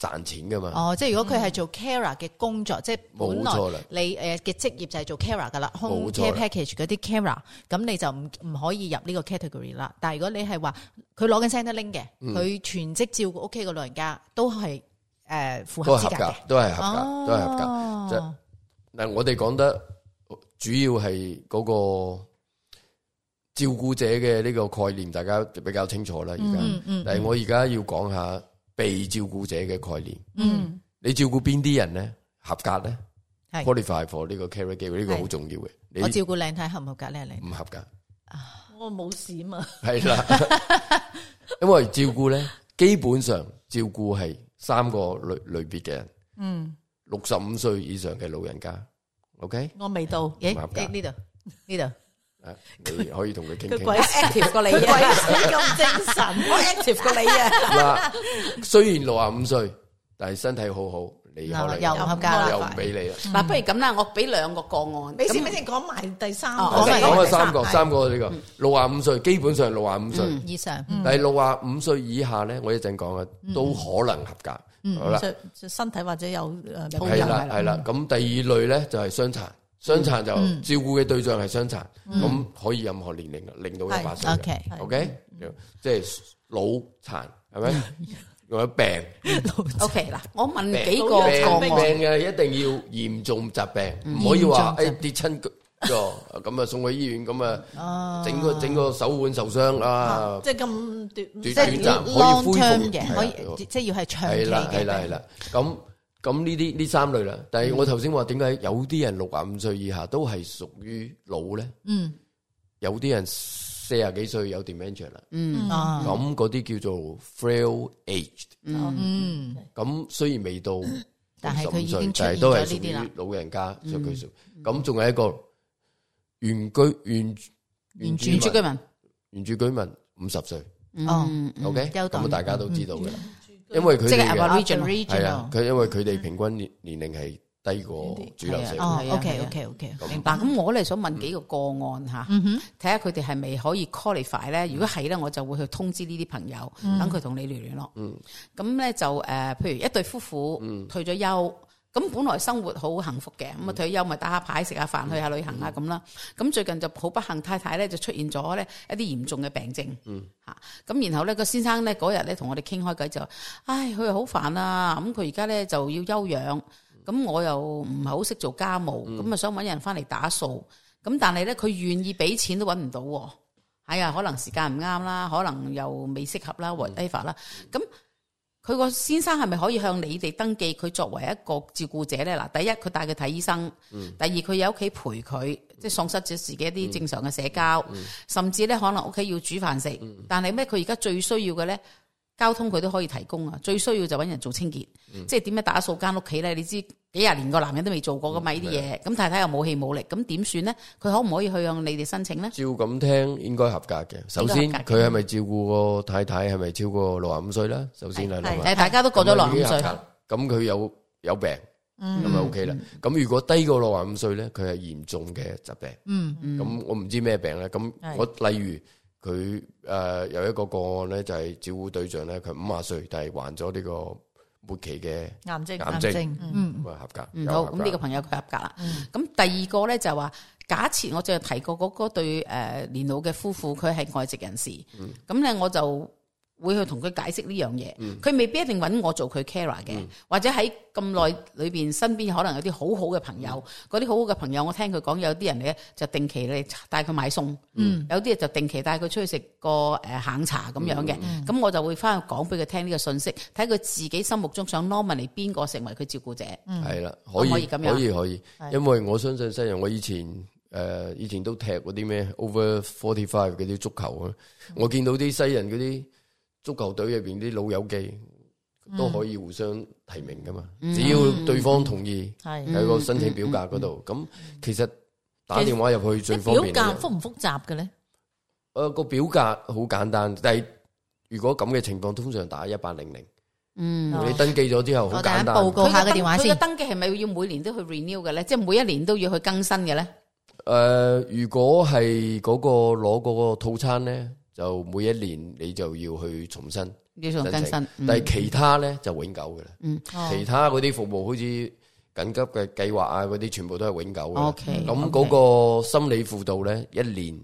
賺錢噶嘛？哦，即係如果佢係做 care 嘅工作，嗯、即係本來你誒嘅職業就係做 care 噶啦 home care package 嗰啲 care 咁你就唔唔可以入呢個 category 啦。但係如果你係話佢攞緊 Centrelink 嘅，佢、嗯、全職照顧屋企個老人家都係、呃付，都係誒符合資格，都係合格，都係合格。即係嗱，就是、但我哋講得主要係嗰個照顧者嘅呢個概念，大家就比較清楚啦。而家，嗯嗯嗯但係我而家要講下。被照顧者嘅概念，嗯，你照顧邊啲人咧？合格咧？Qualify for 呢個 caregiver 呢個好重要嘅。我照顧靚太合唔合格咧？靚太唔合格，我冇事啊嘛。係啦，因為照顧咧，基本上照顧係三個類類別嘅人。嗯，六十五歲以上嘅老人家，OK，我未到，唔合格呢度呢度。誒，你可以同佢傾傾，active 過你啊，鬼咁精神，active 過你啊。嗱，雖然六啊五歲，但係身體好好，你可能又唔合格，又唔俾你啦。嗱，不如咁啦，我俾兩個個案，你先，唔先講埋第三，我講啊，三個，三個呢個六啊五歲，基本上六啊五歲以上，但係六啊五歲以下咧，我一陣講啊，都可能合格。好啦，身體或者有誒，係啦係啦。咁第二類咧就係傷殘。傷殘就照顧嘅對象係傷殘，咁可以任何年齡嘅，零到一百歲，OK，OK，即係腦殘係咪？又有病，OK 嗱，我問幾個疾病嘅，一定要嚴重疾病，唔可以話誒跌親腳咁啊，咁啊送去醫院咁啊，整個整個手腕受傷啊，即係咁短，即係短暫可以恢復嘅，可以即係要係長期嘅。咁呢啲呢三類啦，但係我頭先話點解有啲人六十五歲以下都係屬於老咧？嗯，有啲人四十幾歲有 dementia 啦。嗯啊，咁嗰啲叫做 frail aged。嗯，咁雖然未到，但係佢已經存在咗呢啲啦。老人家，咁仲有一個原居原原住居民，原住居民五十歲。哦，OK，咁大家都知道噶啦。因為佢，即係啊，佢因為佢哋平均年年齡係低過主流社會，主流社，哦，OK，OK，OK，okay, okay, okay, 明白。咁、okay, okay, okay, 嗯、我咧想問幾個個案吓，睇下佢哋係咪可以 qualify 咧？如果係咧，我就會去通知呢啲朋友，等佢同你聯絡。嗯，咁咧就誒、呃，譬如一對夫婦退咗休。嗯休咁本來生活好幸福嘅，咁啊退休咪打下牌、食下飯、去下旅行啊咁啦。咁、嗯嗯、最近就好不幸，太太咧就出現咗咧一啲嚴重嘅病症。嗯，咁，然後咧個先生咧嗰日咧同我哋傾開偈就，唉，佢好煩啊。咁佢而家咧就要休養。咁我又唔係好識做家務，咁、嗯、啊想搵人返嚟打掃。咁但係咧佢願意俾錢都搵唔到。係、哎、呀，可能時間唔啱啦，可能又未適合啦，或低法啦。咁、嗯嗯佢個先生係咪可以向你哋登記佢作為一個照顧者咧？嗱，第一佢帶佢睇醫生，嗯、第二佢有屋企陪佢、嗯，即係喪失咗自己一啲正常嘅社交，嗯嗯、甚至咧可能屋企要煮飯食、嗯。但係咩？佢而家最需要嘅咧，交通佢都可以提供啊！最需要就揾人做清潔，嗯、即係點樣打掃間屋企咧？你知。幾廿年個男人都未做過噶咪呢啲嘢，咁太太又冇氣冇力，咁點算咧？佢可唔可以去向你哋申請咧？照咁聽，應該合格嘅。首先，佢係咪照顧個太太係咪超過六十五歲啦？首先係六。誒，大家都過咗六十五歲。咁佢有有病，咁咪 OK 啦。咁如果低過六十五歲咧，佢係嚴重嘅疾病。嗯嗯。咁我唔知咩病咧。咁我例如佢誒有一個個案咧，就係照顧對象咧，佢五十歲，但係患咗呢個。末期嘅癌，癌，癌症，癌症，嗯，合格，合格，好，咁呢個朋友佢合格啦，咁、嗯、第二個咧就話，假設我就提過嗰嗰對誒年老嘅夫婦，佢係外籍人士，咁、嗯、咧我就，會去同佢解釋呢樣嘢，佢未必一定揾我做佢 carer 嘅，或者喺咁耐裏邊身邊可能有啲好好嘅朋友，嗰啲好好嘅朋友，我聽佢講有啲人咧就定期嚟帶佢買餸，有啲人就定期帶佢出去食個誒下午茶咁樣嘅，咁我就會翻去講俾佢聽呢個信息，睇佢自己心目中想 nominate 邊個成為佢照顧者。係啦，可以可以可以，因為我相信西人，我以前誒以前都踢嗰啲咩 over forty five 嗰啲足球啊，我見到啲西人嗰啲。足球隊入邊啲老友記都可以互相提名噶嘛？只要對方同意，喺個申請表格嗰度。咁其實打電話入去最方便。表格複唔複雜嘅咧？誒，個表格好簡單，但係如果咁嘅情況，通常打一八零零。嗯，你登記咗之後，好簡單，報告下個電話先。登記係咪要每年都去 renew 嘅咧？即係每一年都要去更新嘅咧？誒，如果係嗰個攞嗰個套餐咧？就每一年你就要去重新申，新，嗯、但係其他咧就永久嘅啦。嗯，其他嗰啲服務好似緊急嘅計劃啊，嗰啲全部都係永久嘅。OK，咁嗰個心理輔導咧，一年。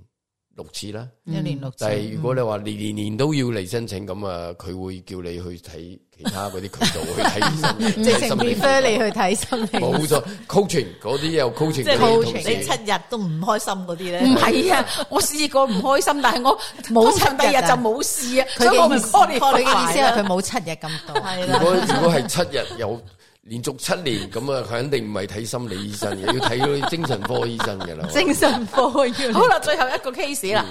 六次啦，一年六次。但係如果你話年年都要嚟申請，咁啊，佢會叫你去睇其他嗰啲渠道去睇，即係心理 therapy 去睇心理。冇錯，coaching 嗰啲又 coaching。即係 coaching。你七日都唔開心嗰啲咧？唔係啊，我試過唔開心，但係我冇七日就冇事啊。所以我唔 follow 你嘅意思係佢冇七日咁多。如果如果係七日有。連續七年咁啊，肯定唔係睇心理醫生， 要睇精神科醫生嘅啦。 精神科醫生 好啦，最後一個 case 啦。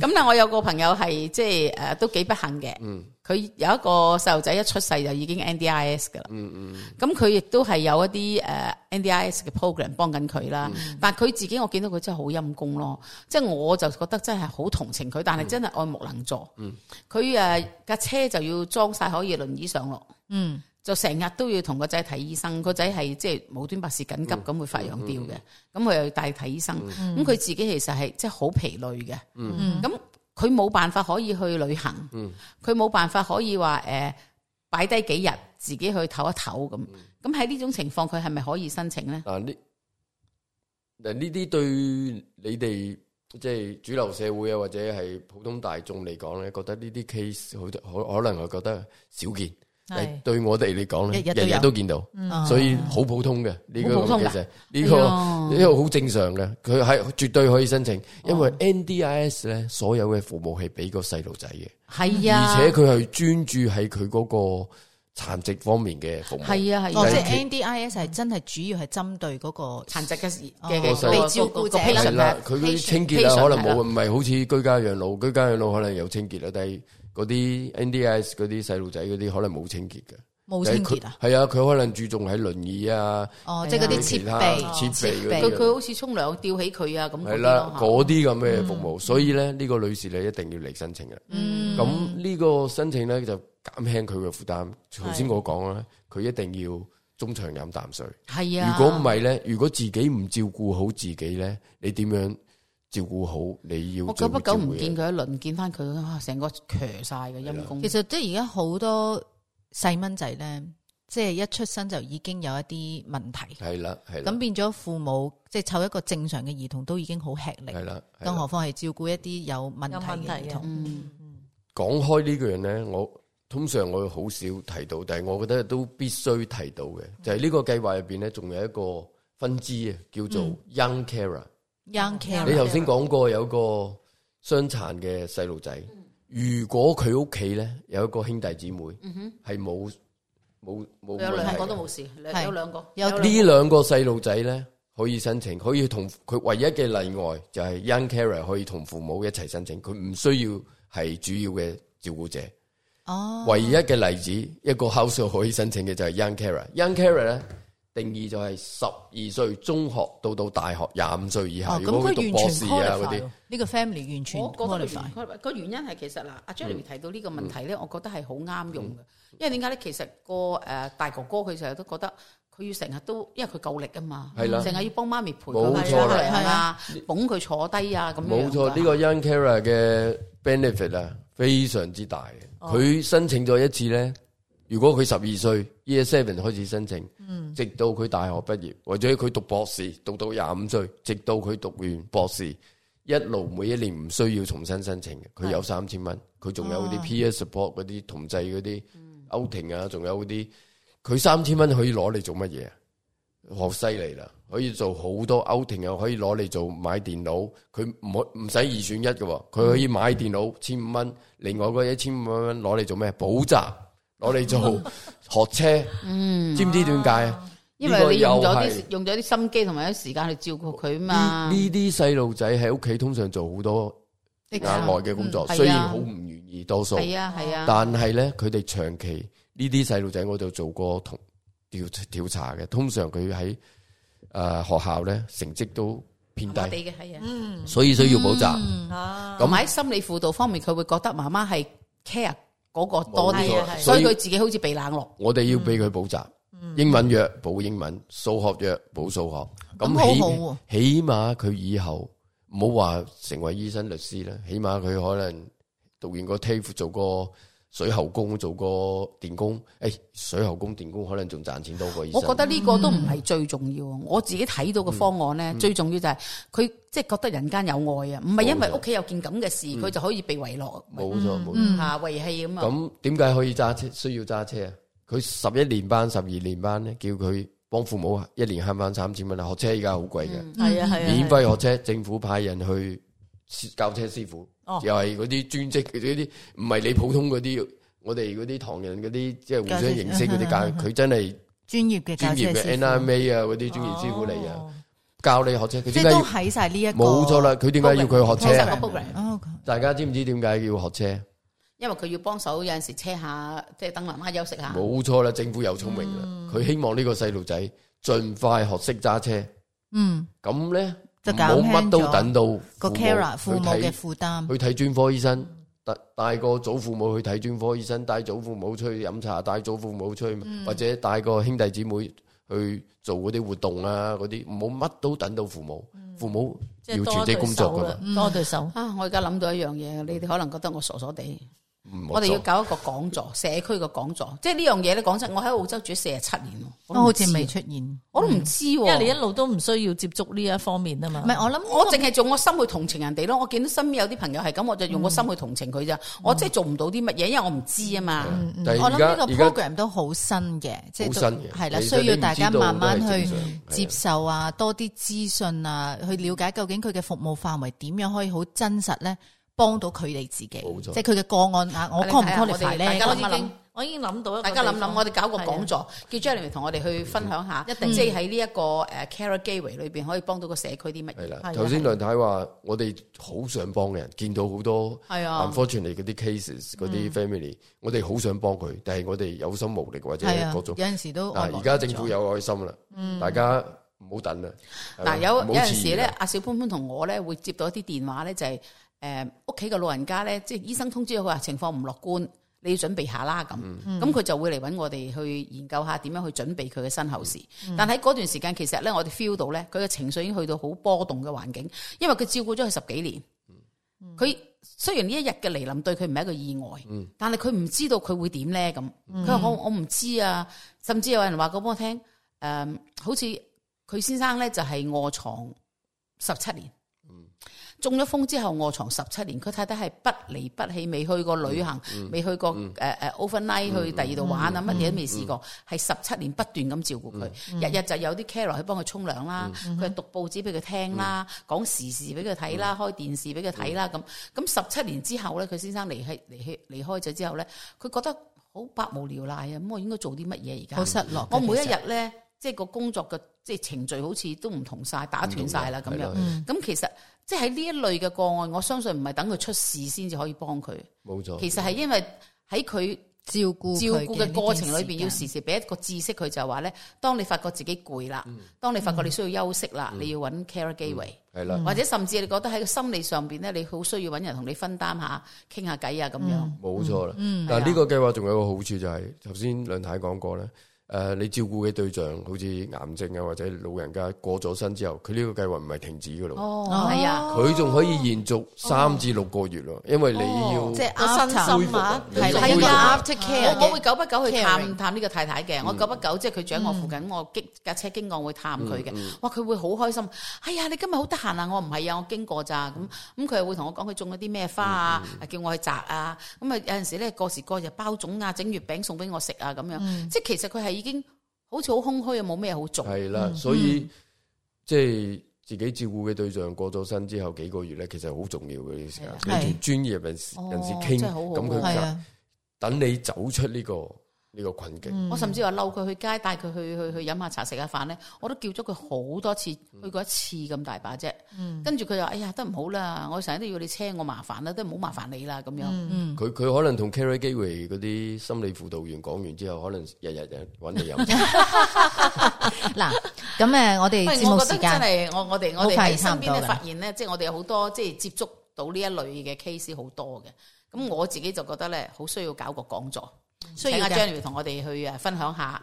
咁、嗯、但我有個朋友係即係誒，都幾不幸嘅。嗯，佢有一個細路仔一出世就已經 NDIS 噶啦。嗯嗯。咁佢亦都係有一啲誒、呃、NDIS 嘅 program 幫緊佢啦，嗯。但係佢自己，我見到佢真係好陰功咯。即、嗯、係、就是、我就覺得真係好同情佢，但係真係愛莫能助。嗯。佢誒架車就要裝晒可以輪椅上落。嗯。就成日都要同個仔睇醫生，個仔係即係無端百事緊急咁會發羊吊嘅，咁佢又要帶睇醫生，咁、嗯、佢自己其實係即係好疲累嘅，咁佢冇辦法可以去旅行，佢、嗯、冇辦法可以話誒擺低幾日自己去唞一唞咁，咁喺呢種情況佢係咪可以申請咧？嗱呢嗱呢啲對你哋即係主流社會啊或者係普通大眾嚟講咧，覺得呢啲 case 好可可能我覺得少見。係對我哋嚟講咧，日日都見到，嗯、所以好普通嘅呢、這個其實呢、這個呢、這個好正常嘅，佢係絕對可以申請，哦、因為 N D I S 咧所有嘅服務係俾個細路仔嘅，係啊，而且佢係專注喺佢嗰個殘疾方面嘅服務，係啊係，即係 N D I S 係真係主要係針對嗰個殘疾嘅嘅被照顧者啦，佢、哦哦、清潔啊可能冇唔係好似居家養老，居家養老可能有清潔啦但係。嗰啲 NDS 嗰啲細路仔嗰啲可能冇清潔嘅，冇清潔啊，係啊，佢可能注重喺輪椅啊，哦，即係嗰啲設備，設備佢佢、哦、好似沖涼吊起佢啊，咁係啦，嗰啲咁嘅服務，嗯、所以咧呢個女士你一定要嚟申請嘅，嗯，咁呢個申請咧就減輕佢嘅負擔。頭先我講啦，佢一定要中場飲啖水，係啊，如果唔係咧，如果自己唔照顧好自己咧，你點樣？照顧好，你要照顧照顧，我久不久唔見佢一輪，見翻佢，成個 c 晒嘅陰功。其實即係而家好多細蚊仔咧，即係一出生就已經有一啲問題。係啦，係啦。咁變咗父母即係湊一個正常嘅兒童都已經好吃力，係啦，更何況係照顧一啲有問題嘅兒童。講、嗯嗯、開呢個人咧，我通常我會好少提到，但係我覺得都必須提到嘅。就係、是、呢個計劃入邊咧，仲有一個分支嘅，叫做 Young Carer、嗯。Young Cara，你頭先講過有個傷殘嘅細路仔，如果佢屋企咧有一個兄弟姊妹係冇冇冇，有兩個都冇事，有兩個呢兩個細路仔咧可以申請，可以同佢唯一嘅例外就係 Young Care 可以同父母一齊申請，佢唔需要係主要嘅照顧者。哦、oh.，唯一嘅例子一個 house 可以申請嘅就係 Young Care，Young Care 咧。定義就係十二歲中學到到大學廿五歲以下。咁佢、啊啊、讀博士啊嗰啲，呢、這個 family 完全過得個原因係其實嗱，阿、啊、Jeremy 提到呢個問題咧、嗯，我覺得係好啱用嘅、嗯嗯。因為點解咧？其實個誒大哥哥佢成日都覺得佢要成日都，因為佢夠力噶嘛。係啦，成日要幫媽咪陪下，冇錯捧佢坐低啊咁樣。冇錯，呢個 Young Carer 嘅 benefit 啊，非常之大嘅。佢、哦、申請咗一次咧。如果佢十二歲，year seven 開始申請，嗯、直到佢大學畢業，或者佢讀博士，讀到廿五歲，直到佢讀完博士，一路每一年唔需要重新申請嘅，佢、嗯、有三千蚊，佢仲有啲 P S support 啲同濟啲 outing 啊，仲有啲，佢三千蚊可以攞嚟做乜嘢？好犀利啦！可以做好多 outing，又可以攞嚟做買電腦，佢唔唔使二選一嘅，佢可以買電腦千五蚊，另外一,一千五蚊攞嚟做咩？補習。攞嚟做學車，嗯，知唔知點解啊？因為你用咗啲用咗啲心機同埋啲時間去照顧佢啊嘛。呢啲細路仔喺屋企通常做好多額外嘅工作，雖然好唔願意多數，係啊係啊。但係咧，佢哋長期呢啲細路仔，我就做過同調調查嘅。通常佢喺誒學校咧，成績都偏低嘅，係啊，嗯，所以需要補習。咁喺心理輔導方面，佢會覺得媽媽係 care。嗰個多啲，所以佢自己好似被冷落。我哋要俾佢補習，英文弱補英文，數學弱補數學。咁、嗯、好、啊、起碼佢以後唔好話成為醫生、律師啦。起碼佢可能讀完個 TAFE，做個。水喉工做過電工，誒、哎，水喉工電工可能仲賺錢多過以前。我覺得呢個都唔係最重要、嗯。我自己睇到嘅方案咧、嗯嗯，最重要就係佢即係覺得人間有愛啊，唔係因為屋企有件咁嘅事，佢就可以被遺落。冇錯冇錯，吓遺棄咁啊。咁點解可以揸車、嗯？需要揸車啊？佢十一年班，十二年班咧，叫佢幫父母一年慳翻三千蚊啊。學車而家好貴嘅，係、嗯、啊係啊，免費學、啊啊、學車，政府派人去教車師傅。又係嗰啲專職嗰啲，唔係你普通嗰啲，我哋嗰啲唐人嗰啲，即係互相認識嗰啲、就是嗯嗯嗯、教，佢真係專業嘅專業嘅 NRMA 啊，嗰啲專業師傅嚟啊、哦，教你學車。佢點解要喺晒呢一個。冇錯啦，佢點解要佢學車？大家知唔知點解要學車？因為佢要幫手，有陣時車下，即係等媽媽休息下。冇錯啦，政府有聰明啦，佢、嗯、希望呢個細路仔盡快學識揸車。嗯，咁咧。唔好乜都等到個 carer，父母嘅負擔，去睇專科醫生，帶帶個祖父母去睇專科醫生，帶祖父母出去飲茶，帶祖父母出去，或者帶個兄弟姊妹去做嗰啲活動啊，嗰啲唔好乜都等到父母，父母要全職工作噶啦，多對手啊！我而家諗到一樣嘢，你哋可能覺得我傻傻地。我哋要搞一個講座，社區個講座，即係呢樣嘢咧。講真，我喺澳洲住咗四十七年我都我好似未出現，我唔知、嗯。因為你一路都唔需要接觸呢一方面啊嘛。唔、嗯、係，我諗、嗰個、我淨係用我心去同情人哋咯。我見到身邊有啲朋友係咁，我就用我心去同情佢咋、嗯。我真係做唔到啲乜嘢，因為我唔知啊嘛、嗯嗯。我諗呢個 program 都好新嘅，即係係啦，需要大家慢慢去接受啊，多啲資訊啊，去了解究竟佢嘅服務範圍點樣可以好真實咧。幫到佢哋自己，即係佢嘅個案啊！我 call 唔 call 你咧，我已經我諗到，大家諗諗，我哋搞個講座，叫 Jeremy 同我哋去分享一下，一、嗯、定即係喺呢一個誒 caregiver 裏邊可以幫到個社區啲乜嘢。係啦，頭先梁太話，我哋好想幫嘅人，見到好多眼科傳嚟嗰啲 cases，嗰啲 family，我哋好想幫佢，但係我哋有心無力或者各種。有陣時都而家政府有愛心啦、嗯，大家唔好等啦。嗱有、嗯、有陣時咧，阿、啊、小潘潘同我咧會接到一啲電話咧，就係、是。誒、呃，屋企嘅老人家咧，即係醫生通知佢話情況唔樂觀，你要準備下啦咁。咁、嗯、佢就會嚟揾我哋去研究下點樣去準備佢嘅身後事。嗯嗯、但喺嗰段時間，其實咧我哋 feel 到咧，佢嘅情緒已經去到好波動嘅環境，因為佢照顧咗佢十幾年。佢、嗯嗯、雖然呢一日嘅來臨對佢唔係一個意外，嗯、但係佢唔知道佢會點咧咁。佢、嗯、話我我唔知啊，甚至有人話畀我聽，誒、呃，好似佢先生咧就係臥床十七年。中咗風之後臥床十七年，佢太太係不離不棄，未去過旅行，未、嗯、去過誒誒 overnight 去第二度玩啊，乜、嗯、嘢都未試過，係十七年不斷咁照顧佢，日、嗯、日就有啲 care 去幫佢沖涼啦，佢、嗯、讀報紙俾佢聽啦、嗯，講時事俾佢睇啦，開電視俾佢睇啦，咁咁十七年之後咧，佢先生離去離去離開咗之後咧，佢覺得好百無聊賴啊！咁我應該做啲乜嘢而家？好失落。我每一日咧，即係個工作嘅即係程序，好似都唔同晒，打斷晒啦咁樣。咁其實。即係呢一類嘅個案，我相信唔係等佢出事先至可以幫佢。冇錯，其實係因為喺佢照顧照顧嘅過程裏邊，要時時俾一個知識佢，就係話咧，當你發覺自己攰啦、嗯，當你發覺你需要休息啦、嗯，你要揾 caregiver、嗯。係啦、嗯，或者甚至你覺得喺個心理上邊咧，你好需要揾人同你分擔下，傾下偈啊咁樣。冇錯啦。嗱呢、嗯嗯、個計劃仲有一個好處就係、是，頭先梁太講過咧。誒，你照顧嘅對象，好似癌症啊，或者老人家過咗身之後，佢呢個計劃唔係停止噶咯。哦，係啊，佢仲可以延續三至六個月咯，因為你要即係個身心啊，係啊。Aftercare，我我會久不久去探探呢個太太嘅。我久不久即係佢住喺我附近，我架車經過會探佢嘅。哇，佢會好開心。哎呀，你今日好得閒啊？我唔係啊，我經過咋咁咁？佢會同我講佢種咗啲咩花啊？叫我去摘啊。咁啊，有陣時咧過時過日包粽啊，整月餅送俾我食啊，咁樣。即係其實佢係。已經好似好空虛，又冇咩好做。係啦，所以即係、就是、自己照顧嘅對象過咗身之後幾個月咧，其實好重要嘅呢時間，你同專業人士、哦、人士傾，咁佢就等你走出呢、呢個。呢、呢個困境，我甚至話嬲佢去街，帶佢去去去飲下茶、食下飯咧，我都叫咗佢好多次，去過一次咁大把啫。嗯、跟住佢就說：哎呀，得唔好啦，我成日都要你車我，麻煩啦，都唔好麻煩你啦咁、嗯、樣。佢、嗯、佢可能同 Kerry Gary 嗰啲心理輔導員講完之後，可能日日日揾你飲。嗱，咁我哋節目時間覺得真係我我哋我哋喺身邊咧發現咧，即係我哋有好多即係接觸到呢一類嘅 case 好多嘅。咁我自己就覺得咧，好需要搞個講座。需要阿 Jeremy 同我哋去誒分享下，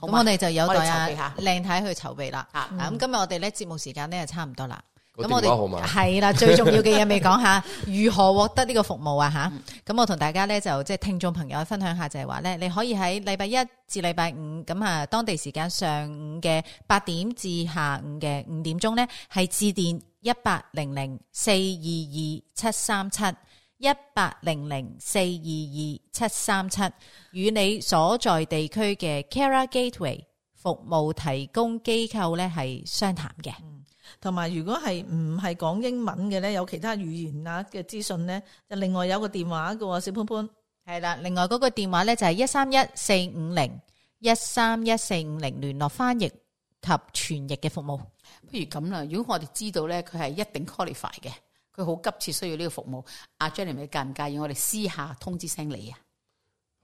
咁我哋就有對阿靚太去籌備啦。吓、嗯、咁、嗯、今日我哋咧節目時間咧就差唔多啦。咁、那個、我哋係啦，最重要嘅嘢未講下如何獲得呢個服務啊？吓、嗯、咁、嗯、我同大家咧就即係、就是、聽眾朋友分享下，就係話咧，你可以喺禮拜一至禮拜五，咁啊當地時間上午嘅八點至下午嘅五點鐘咧，係致電一八零零四二二七三七。一八零零四二二七三七，與你所在地區嘅 Cara Gateway 服務提供機構咧係商談嘅。嗯，同埋如果係唔係講英文嘅咧，有其他語言啊嘅資訊呢，就另外有個電話嘅喎，小潘潘係啦。另外嗰個電話咧就係一三一四五零一三一四五零聯絡翻譯及傳譯嘅服務。不如咁啦，如果我哋知道咧，佢係一定 qualify 嘅。佢好急切需要呢個服務，阿 Jenny，你介唔介意我哋私下通知聲你啊？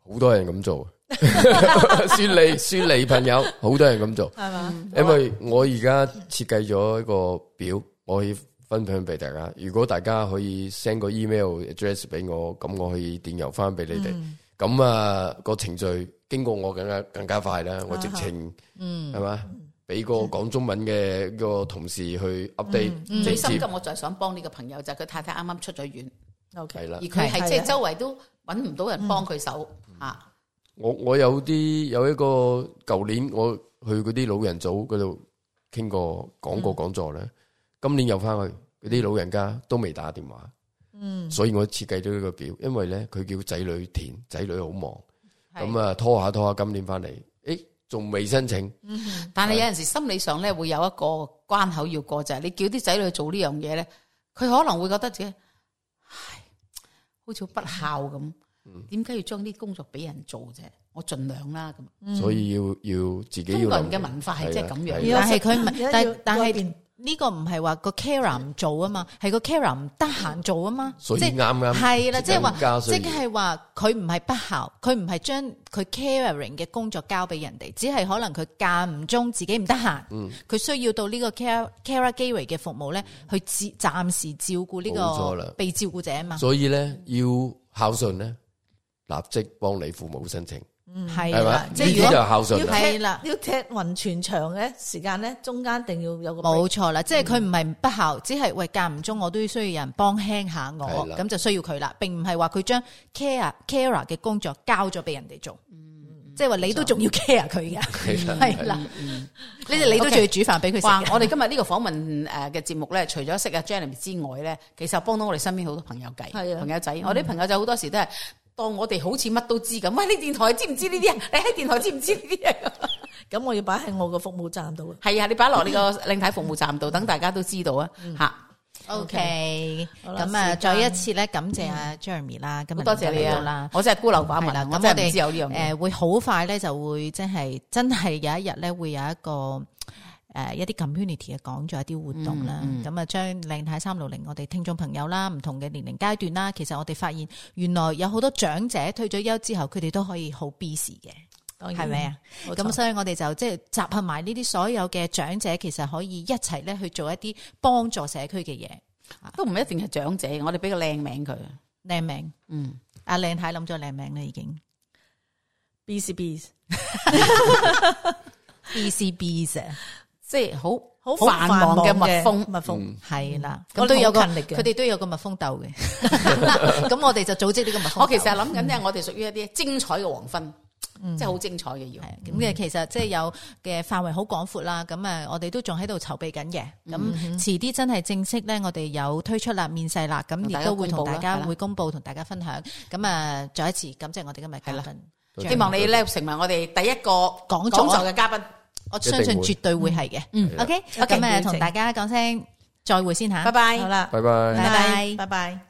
好多人咁做，算你算你朋友，好多人咁做，係嘛？因為我而家設計咗一個表，我可以分享俾大家。如果大家可以 send 個 email address 俾我，咁我可以電郵翻俾你哋。咁啊，個程序經過我更加更加快啦。我直情，嗯，係嘛？俾個講中文嘅個同事去 update，最心急我就係想幫呢個朋友，就係佢太太啱啱出咗院，OK 啦，而佢係即係周圍都揾唔到人幫佢手吓。我我有啲有一個舊年我去嗰啲老人組嗰度傾過講過講座咧，今年又翻去嗰啲老人家都未打電話，嗯，所以我設計咗呢個表，因為咧佢叫仔女填，仔女好忙，咁啊，拖下拖下，今年翻嚟。仲未申請，嗯、但係有陣時候心理上咧會有一個關口要過，就係、是、你叫啲仔女去做呢樣嘢咧，佢可能會覺得自己，唉，好似不孝咁，點解要將啲工作俾人做啫？我盡量啦咁、嗯。所以要要自己要。中國人嘅文化係即係咁樣，但係佢，但但係。呢、這個唔係話個 care 唔做啊嘛，係個 care 唔得閒做啊嘛，即係啱啱係啦，即係話，即係話佢唔係不孝，佢唔係將佢 caring 嘅工作交俾人哋，只係可能佢間唔中自己唔得閒，佢、嗯、需要到呢個 care caregiving 嘅服務咧、嗯，去暫暫時照顧呢個被照顧者啊嘛，所以咧、嗯、要孝順咧，立即幫你父母申請。嗯，係啊，即係如果就孝要踢要踢勻全場嘅時間咧，中間一定要有個，冇錯啦，嗯、即係佢唔係不孝，只係喂間唔中我都需要人幫輕下我，咁就需要佢啦，並唔係話佢將 care carer 嘅工作交咗俾人哋做，嗯、即係話你都仲要 care 佢嘅，係、嗯、啦、嗯嗯，你都仲要煮飯俾佢食。我哋今日呢個訪問誒嘅節目咧，除咗識阿 Jeremy 之外咧，其實幫到我哋身邊好多朋友計，朋友仔，嗯、我啲朋友仔好多時都係。當我哋好似乜都知咁，喂，你電台知唔知呢啲啊？你喺電台知唔知呢啲嘢？咁 我要擺喺我個服務站度係係啊，你擺落呢個令體服務站度，等、嗯、大家都知道啊！吓、嗯、，OK，咁啊，再一次咧，感謝阿 Jeremy 啦、嗯，咁多謝你啦、啊，我真係孤陋寡聞，咁、嗯、我哋知有呢樣嘢誒、呃、會好快咧就會即係真係有一日咧會有一個。誒、呃、一啲 community 嘅講咗一啲活動啦，咁、嗯、啊、嗯、將靚太三六零我哋聽眾朋友啦，唔同嘅年齡階段啦，其實我哋發現原來有好多長者退咗休之後，佢哋都可以好 busy 嘅，當然係咪啊？咁、嗯、所以我哋就即係集合埋呢啲所有嘅長者，其實可以一齊咧去做一啲幫助社區嘅嘢，都唔一定係長者，我哋俾個靚名佢靚名，嗯，阿靚太諗咗靚名咧已經，BCBS BCBS 即係好好繁忙嘅蜜蜂，蜜蜂係啦，咁都有個佢哋都有個蜜蜂鬥嘅。咁我哋就組織呢個蜜蜂鬥。我其實諗緊咧，我哋屬於一啲精彩嘅黃昏、嗯，嗯、即係好精彩嘅要、嗯。咁、嗯嗯、其實即係有嘅範圍好廣闊啦。咁啊，我哋都仲喺度籌備緊嘅。咁遲啲真係正式咧，我哋有推出啦，面世啦。咁亦都會同大家會公布，同大家分享。咁啊，再一次，感謝我哋今日嘅嘉賓。希望你咧成為我哋第一個講座嘅嘉賓。我相信絕對會係、嗯、嘅。嗯，嗯，OK，咁啊，同大家講聲再會先吓，拜拜。好啦，拜拜，拜拜，拜拜。